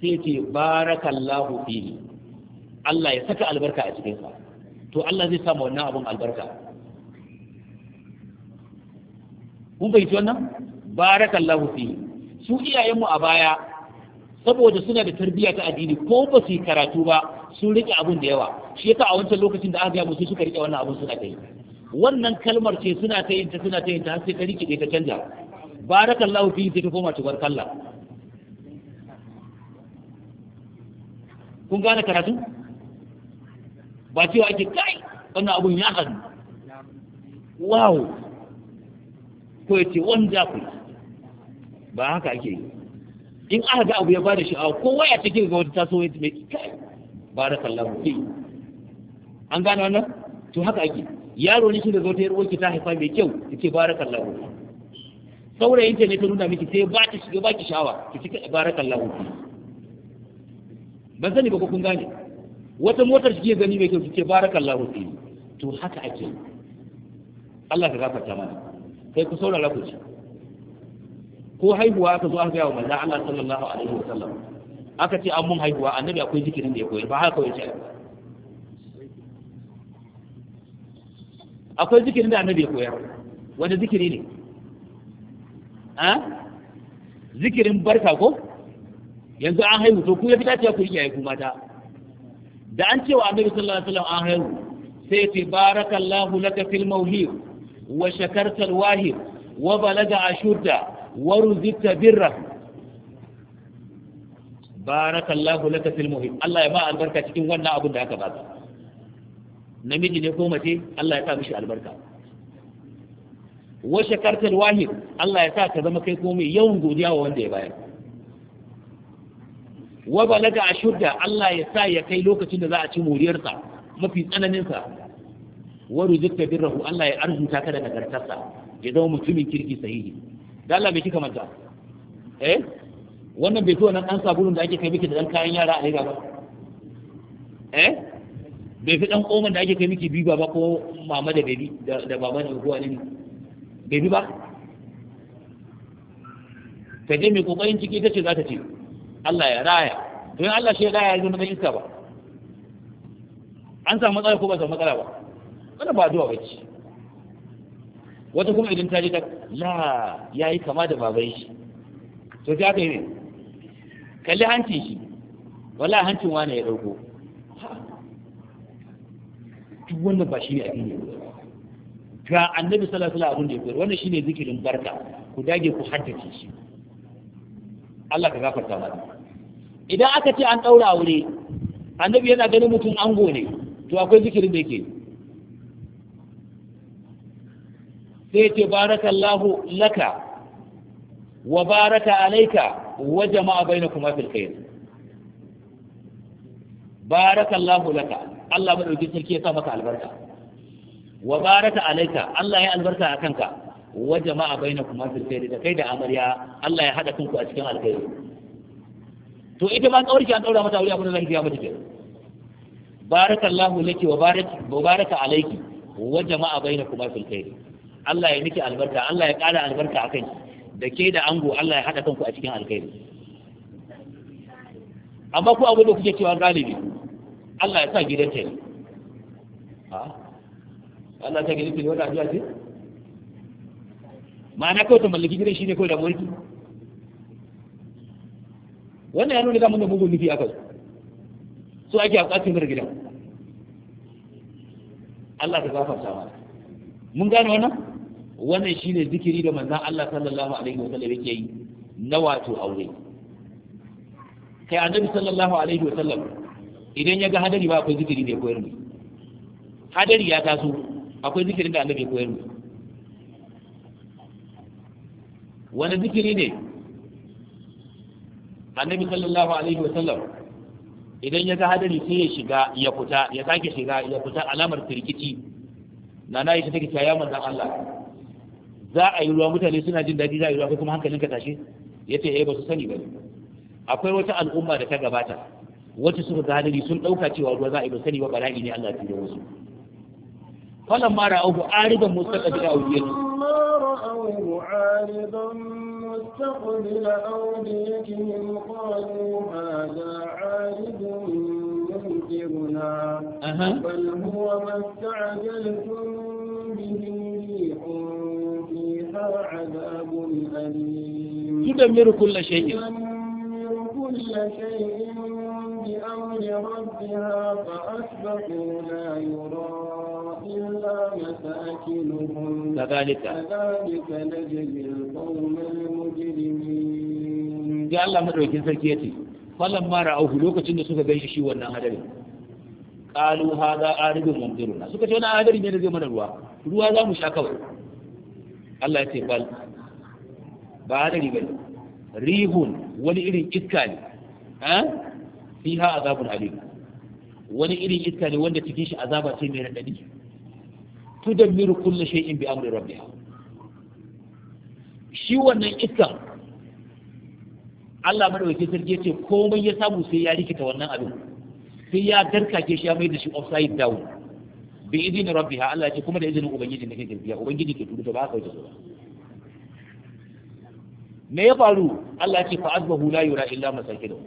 sai ce barakallahu fihi Allah ya saka albarka a cikinsa to Allah zai samu wannan abun albarka kun fahimci wannan barakallahu fi su iyayenmu a baya saboda suna da tarbiyya ta addini ko ba su yi karatu ba sun rike abun da yawa shi yasa a wancan lokacin da aka ga musu suka rike wannan abun suna kai wannan kalmar ce suna ta yin ta suna ta yin ta har sai ka rike ta canja barakallahu fi sai ta koma tubarkalla kun gane karatu ba cewa ake kai wannan abun ya hannu wow ko ya ce wanda ku ba haka ake yi in aka ga abu ya bada sha'awa kowa ya cikin ga wata taso ya mai kai barakallahu fi an gane wannan to haka ake yaro ne shi da zo ta yarwo ki ta haifa mai kyau ki ce barakallahu saurayin ta ne ta nuna miki sai ba ta shiga baki shawa ki ce barakallahu fi ban sani ba ko kun gane wata motar shi gani mai kyau kike barakallahu fi to haka ake Allah ka gafarta mana kai ku saurara ku ci ko haihuwa aka zo aka gaya wa manzo Allah sallallahu alaihi wa sallam aka ce an mun haihuwa annabi akwai zikirin da ya koyar ba haka kawai ce akwai zikirin da annabi ya koyar wani zikiri ne a zikirin barka ko yanzu an haihu to ku ya fita ce ku yi iyaye ku mata da an cewa annabi sallallahu alaihi wasallam an haihu sai fi barakallahu laka fil mawhib wa shakarta al wahib wa balaga ashurta wa ruzita birra barakallahu laka fil mawhib Allah ya ba albarka cikin wannan abin da aka ba ka, namiji ne ko mace Allah ya sa mishi albarka wa shakarta al wahib Allah ya sa ka zama kai komai yawan godiya wa wanda ya bayar wa balaga ashudda Allah ya sa ya kai lokacin da za a ci muriyarsa mafi tsananinsa wa rujukta birrahu Allah ya arzuta ka da nagartarsa ya zama mutumin kirki sahihi da Allah bai kika manta eh wannan bai zuwa nan an sabulun da ake kai miki da dan kayan yara a riga ba eh bai fi dan koman da ake kai miki biba ba ko mama da bebi da baba ne ko wani bebi ba Ka je mai kokarin ciki ita ce za ta ce Allah ya raya don Allah shi ya raya ya zama na iska ba an samu matsala ko ba samu matsala ba wannan ba zuwa bace wata kuma idan ta ji ta la yayi kama da baban shi to sai aka yi kalli hancin shi wallahi hancin wani ya dauko duk wannan ba shi ne a addini ga annabi sallallahu alaihi wasallam da ya fara wannan shine zikirin barka ku dage ku haddace shi Allah ka gafarta mana idan aka ce an ɗaura aure annabi yana ganin mutum ango ne to akwai zikirin da yake sai ce barakallahu laka wa baraka alaika wa jama'a bainakuma fil khair barakallahu laka Allah madauki sarki ya sa maka albarka wa baraka alaika Allah ya albarka a ka. wa jama'a bainakuma fil khair da kai da amarya Allah ya hada kanku a cikin alkhairi to ita ma kawarki an daura mata aure abin da zaki ga mata barakallahu laki wa barak wa baraka alayki wa jama'a bainakum fil khair Allah ya miki albarka Allah ya kara albarka akan ki da ke da ango Allah ya hada kanku a cikin alkhairi amma ku abin da kuke cewa galibi Allah ya sa gidan ta ha Allah ta gidan ta wata ajiya ce ma'ana ko ta mallaki gidan shi ne kawai da mulki wannan ya nuna zamanin mugun nufi aka so ake a kwatin mara gidan Allah ta gafarta mana mun gane wannan wannan shine zikiri da manzon Allah sallallahu alaihi wa sallam yake yi na wato aure kai annabi sallallahu alaihi wa sallam idan ya ga hadari ba akwai zikiri da ya koyar mu hadari ya taso akwai zikirin da annabi ya koyar mu wani zikiri ne annabi sallallahu alaihi wa sallam idan ya ga hadari sai ya shiga ya fita ya sake shiga ya fita alamar firgici na ita take ta ya manzan Allah za a yi ruwa mutane suna jin daɗi za a yi ruwa ko kuma hankalinka tashi ya ce eh ba su sani ba akwai wata al'umma da ta gabata wacce suka ga hadari sun ɗauka cewa ruwa za a yi ba sani ba bala'i ne Allah ya tura wasu falan mara auku aridan mustaqbil awdiyatu مستقبل أوديتهم قالوا هذا عارض ممطرنا بل هو ما استعجلتم به ريح فيها عذاب أليم تدمر كل شيء تدمر كل شيء بأمر ربها فأصبحوا لا يرى إلا مساكنهم كذلك كذلك نجزي القوم المجرمين جاء الله مدعوكين lokacin da suka gaishe shi wannan شي وانا هدري قالوا هذا آرد ممطرنا suka ce wani adari ne da zai mana ruwa ruwa za mu sha kawai Allah ya ce bal ba adari bane rihun wani irin iska ne ha fiha azabun alim wani irin iska ne wanda cikin shi azaba ce mai radadi tudammiru kullu shay'in bi amri rabbiha shi wannan ita Allah madawaki sarki ce komai ya samu sai ya rikita wannan abin sai ya darkake shi ya mai da shi offside down bi idin rabbiha Allah ce kuma da izinin ubangiji ne kake biya ubangiji ke tudu ba ka yi ba me ya faru Allah ce fa azbahu la yura illa masakidahu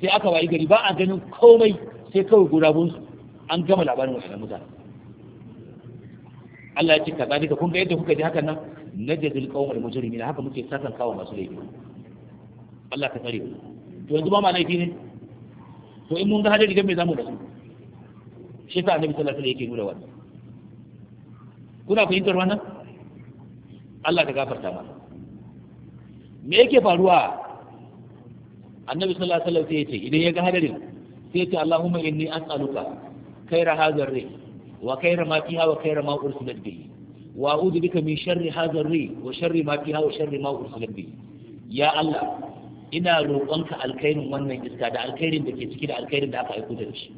sai aka wayi gari ba a ganin komai sai kawai gurabun an gama labarin wannan mutane Allah ya ce kaza duka kun ga yadda kuka ji hakan nan najzil qawmal mujrimin haka muke sakan kawo masu laifi Allah ka tsare to yanzu ba ma laifi ne to in mun ga hadari dan me zamu da su shi sa annabi sallallahu alaihi wasallam yake nuna wannan kuna fahimtar wannan Allah ta gafarta ma. me yake faruwa annabi sallallahu alaihi wasallam sai ya ce idan ya ga hadarin sai ya ce Allahumma inni as'aluka khaira hadhar rizq wa khayra ma fiha wa khayra ma ursilat bihi wa a'udhu bika min sharri hadha ri wa sharri ma fiha wa sharri ma ursilat bihi ya Allah ina roƙonka alkhairin wannan iska da alkhairin da ke ciki da alkhairin da aka aiko da shi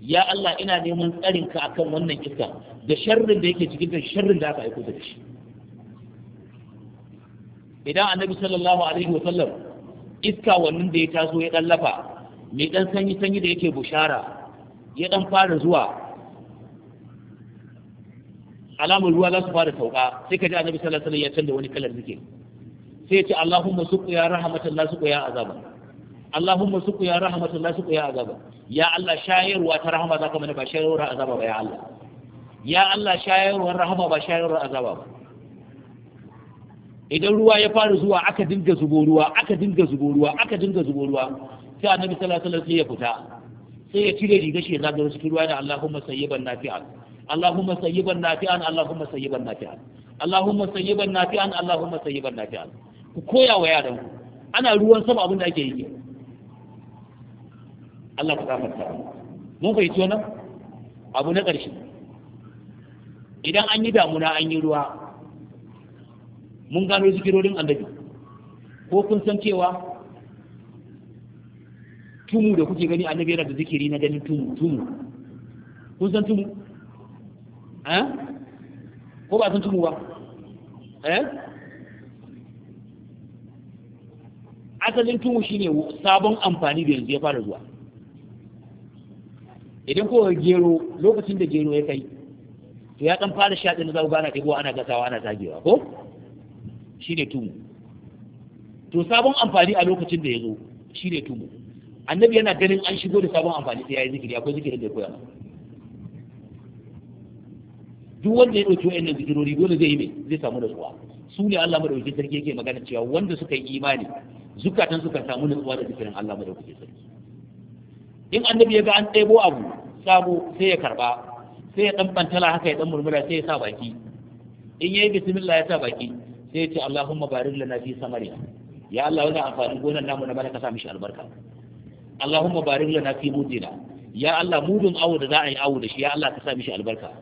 ya Allah ina neman tsarin ka akan wannan iska da sharrin da yake cikin da sharrin da aka aiko da shi idan annabi sallallahu alaihi wa sallam iska wannan da ya taso ya dan lafa mai dan sanyi sanyi da yake bushara ya dan fara zuwa Alamun ruwa za su fara sauka sai ka ji annabi sallallahu alaihi wasallam ya canza wani kalar zikiri sai ya ce Allahumma suqiya rahmatallahi suqiya azaba Allahumma suqiya rahmatallahi suqiya azaba ya Allah shayarwa ta rahama zaka mana ba shayarwa azaba ba ya Allah ya Allah shayarwa rahama ba shayarwa azaba ba idan ruwa ya fara zuwa aka dinga zubo ruwa aka dinga zubo ruwa aka dinga zubo ruwa sai annabi sallallahu alaihi wasallam sai ya fita sai ya cire rigar shi ya zagaro cikin ruwa da Allahumma sayyiban nafi'a اللهم سيبا نافعا اللهم سيبا نافعا اللهم سيبا نافعا اللهم سيبا نافعا ku koya wa yaran ku ana ruwan sama abin da ake yi Allah ku gafarta mun fahimci wannan abu na ƙarshe idan an yi damuna an yi ruwa mun gano zikirorin annabi ko kun san cewa tumu da kuke gani annabi yana da zikiri na ganin tumu tumu kun san tumu eh ko ba sun tudu ba eh asalin tumu shine sabon amfani da yanzu ya fara zuwa idan kowa gero lokacin da gero ya kai to ya kan fara sha din zau gana ɗigo ana gasawa ana zagewa ko shine tumu to sabon amfani a lokacin da ya zo shine tumu annabi yana ganin an shigo da sabon amfani sai ya yi zikiri akwai zikirin da ya koya duk wanda ya dauki wayannan zikirori dole zai yi mai zai samu nutsuwa su ne Allah madaukakin sarki yake magana cewa wanda suka yi imani zukatan suka samu nutsuwa da zikirin Allah madaukakin sarki in annabi ya ga an ɗebo abu sabo sai ya karba sai ya dan bantala haka ya dan murmura sai ya sa baki in yayi bismillah ya sa baki sai ya ce Allahumma barik lana fi samariya ya Allah wani amfani gonan namu na bana ka sa mishi albarka Allahumma barik lana fi mudina ya Allah mudun awo da za a yi awo da shi ya Allah ka sa mishi albarka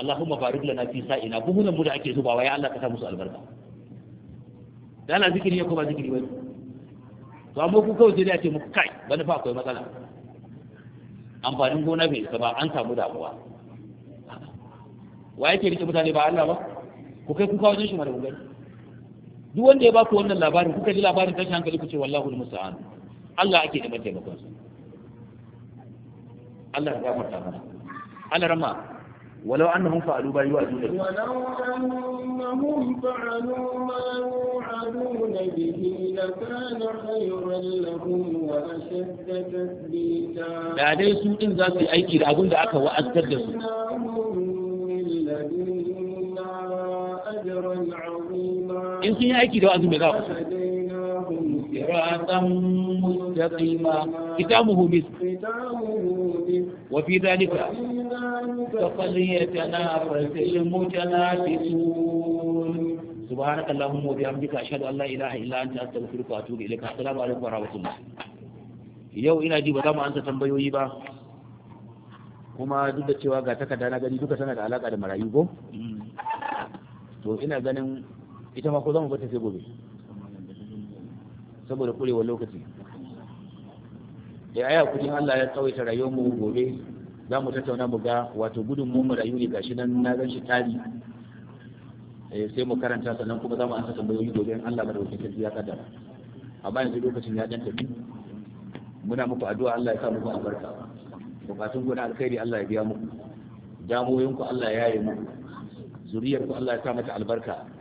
Allahumma barik lana fi sa'ina buhunan mu da ake wa ya Allah ka sa musu albarka da ana zikiri ya kuma zikiri wani to amma ku kawai sai da ce muku kai wani fa akwai matsala amfanin gona bai isa ba an samu damuwa wa yake rike mutane ba Allah ba ku kai kuka wajen shi mara gani duk wanda ya ba ku wannan labarin kuka ji labarin tashin hankali ku ce wallahu musta'an Allah ake da mataimakon sa Allah ya gafarta mana Allah rama ولو أنهم فعلوا ما يوعدون به ولو أنهم فعلوا ما يوعدون به لكان خيرا لهم وأشد تثبيتا لا دي سوء إن ذات أيكي لأقول لأك وأزدر لسوء إن سنة أيكي لو أزمي ذاك صراطا مستقيما ختامه مسك وفي ذلك فليتنافس المتنافسون سبحانك اللهم وبحمدك أشهد أن لا إله إلا أنت أستغفرك وأتوب إليك السلام عليكم ورحمة الله yau ina ji ba za mu ansa tambayoyi ba kuma duk da cewa ga takarda na gani duka tana da alaka da marayu ko to ina ganin ita ma ko za mu bata sai gobe saboda kurewar lokaci da aya kudin Allah ya tsawaita rayuwar mu gobe za mu tattauna mu ga wato gudun mu mu rayu ne gashi nan na gan shi tari eh, sai mu karanta sannan kuma za mu ansa tambayoyi gobe in Allah madaukakin sarki ya kaddara amma yanzu lokacin ya dan tafi muna muku addu'a Allah ya sa muku albarka bukatun ku na alkhairi Allah ya biya muku damoyinku ku Allah ya yi muku zuriyarku ku Allah ya sa mata albarka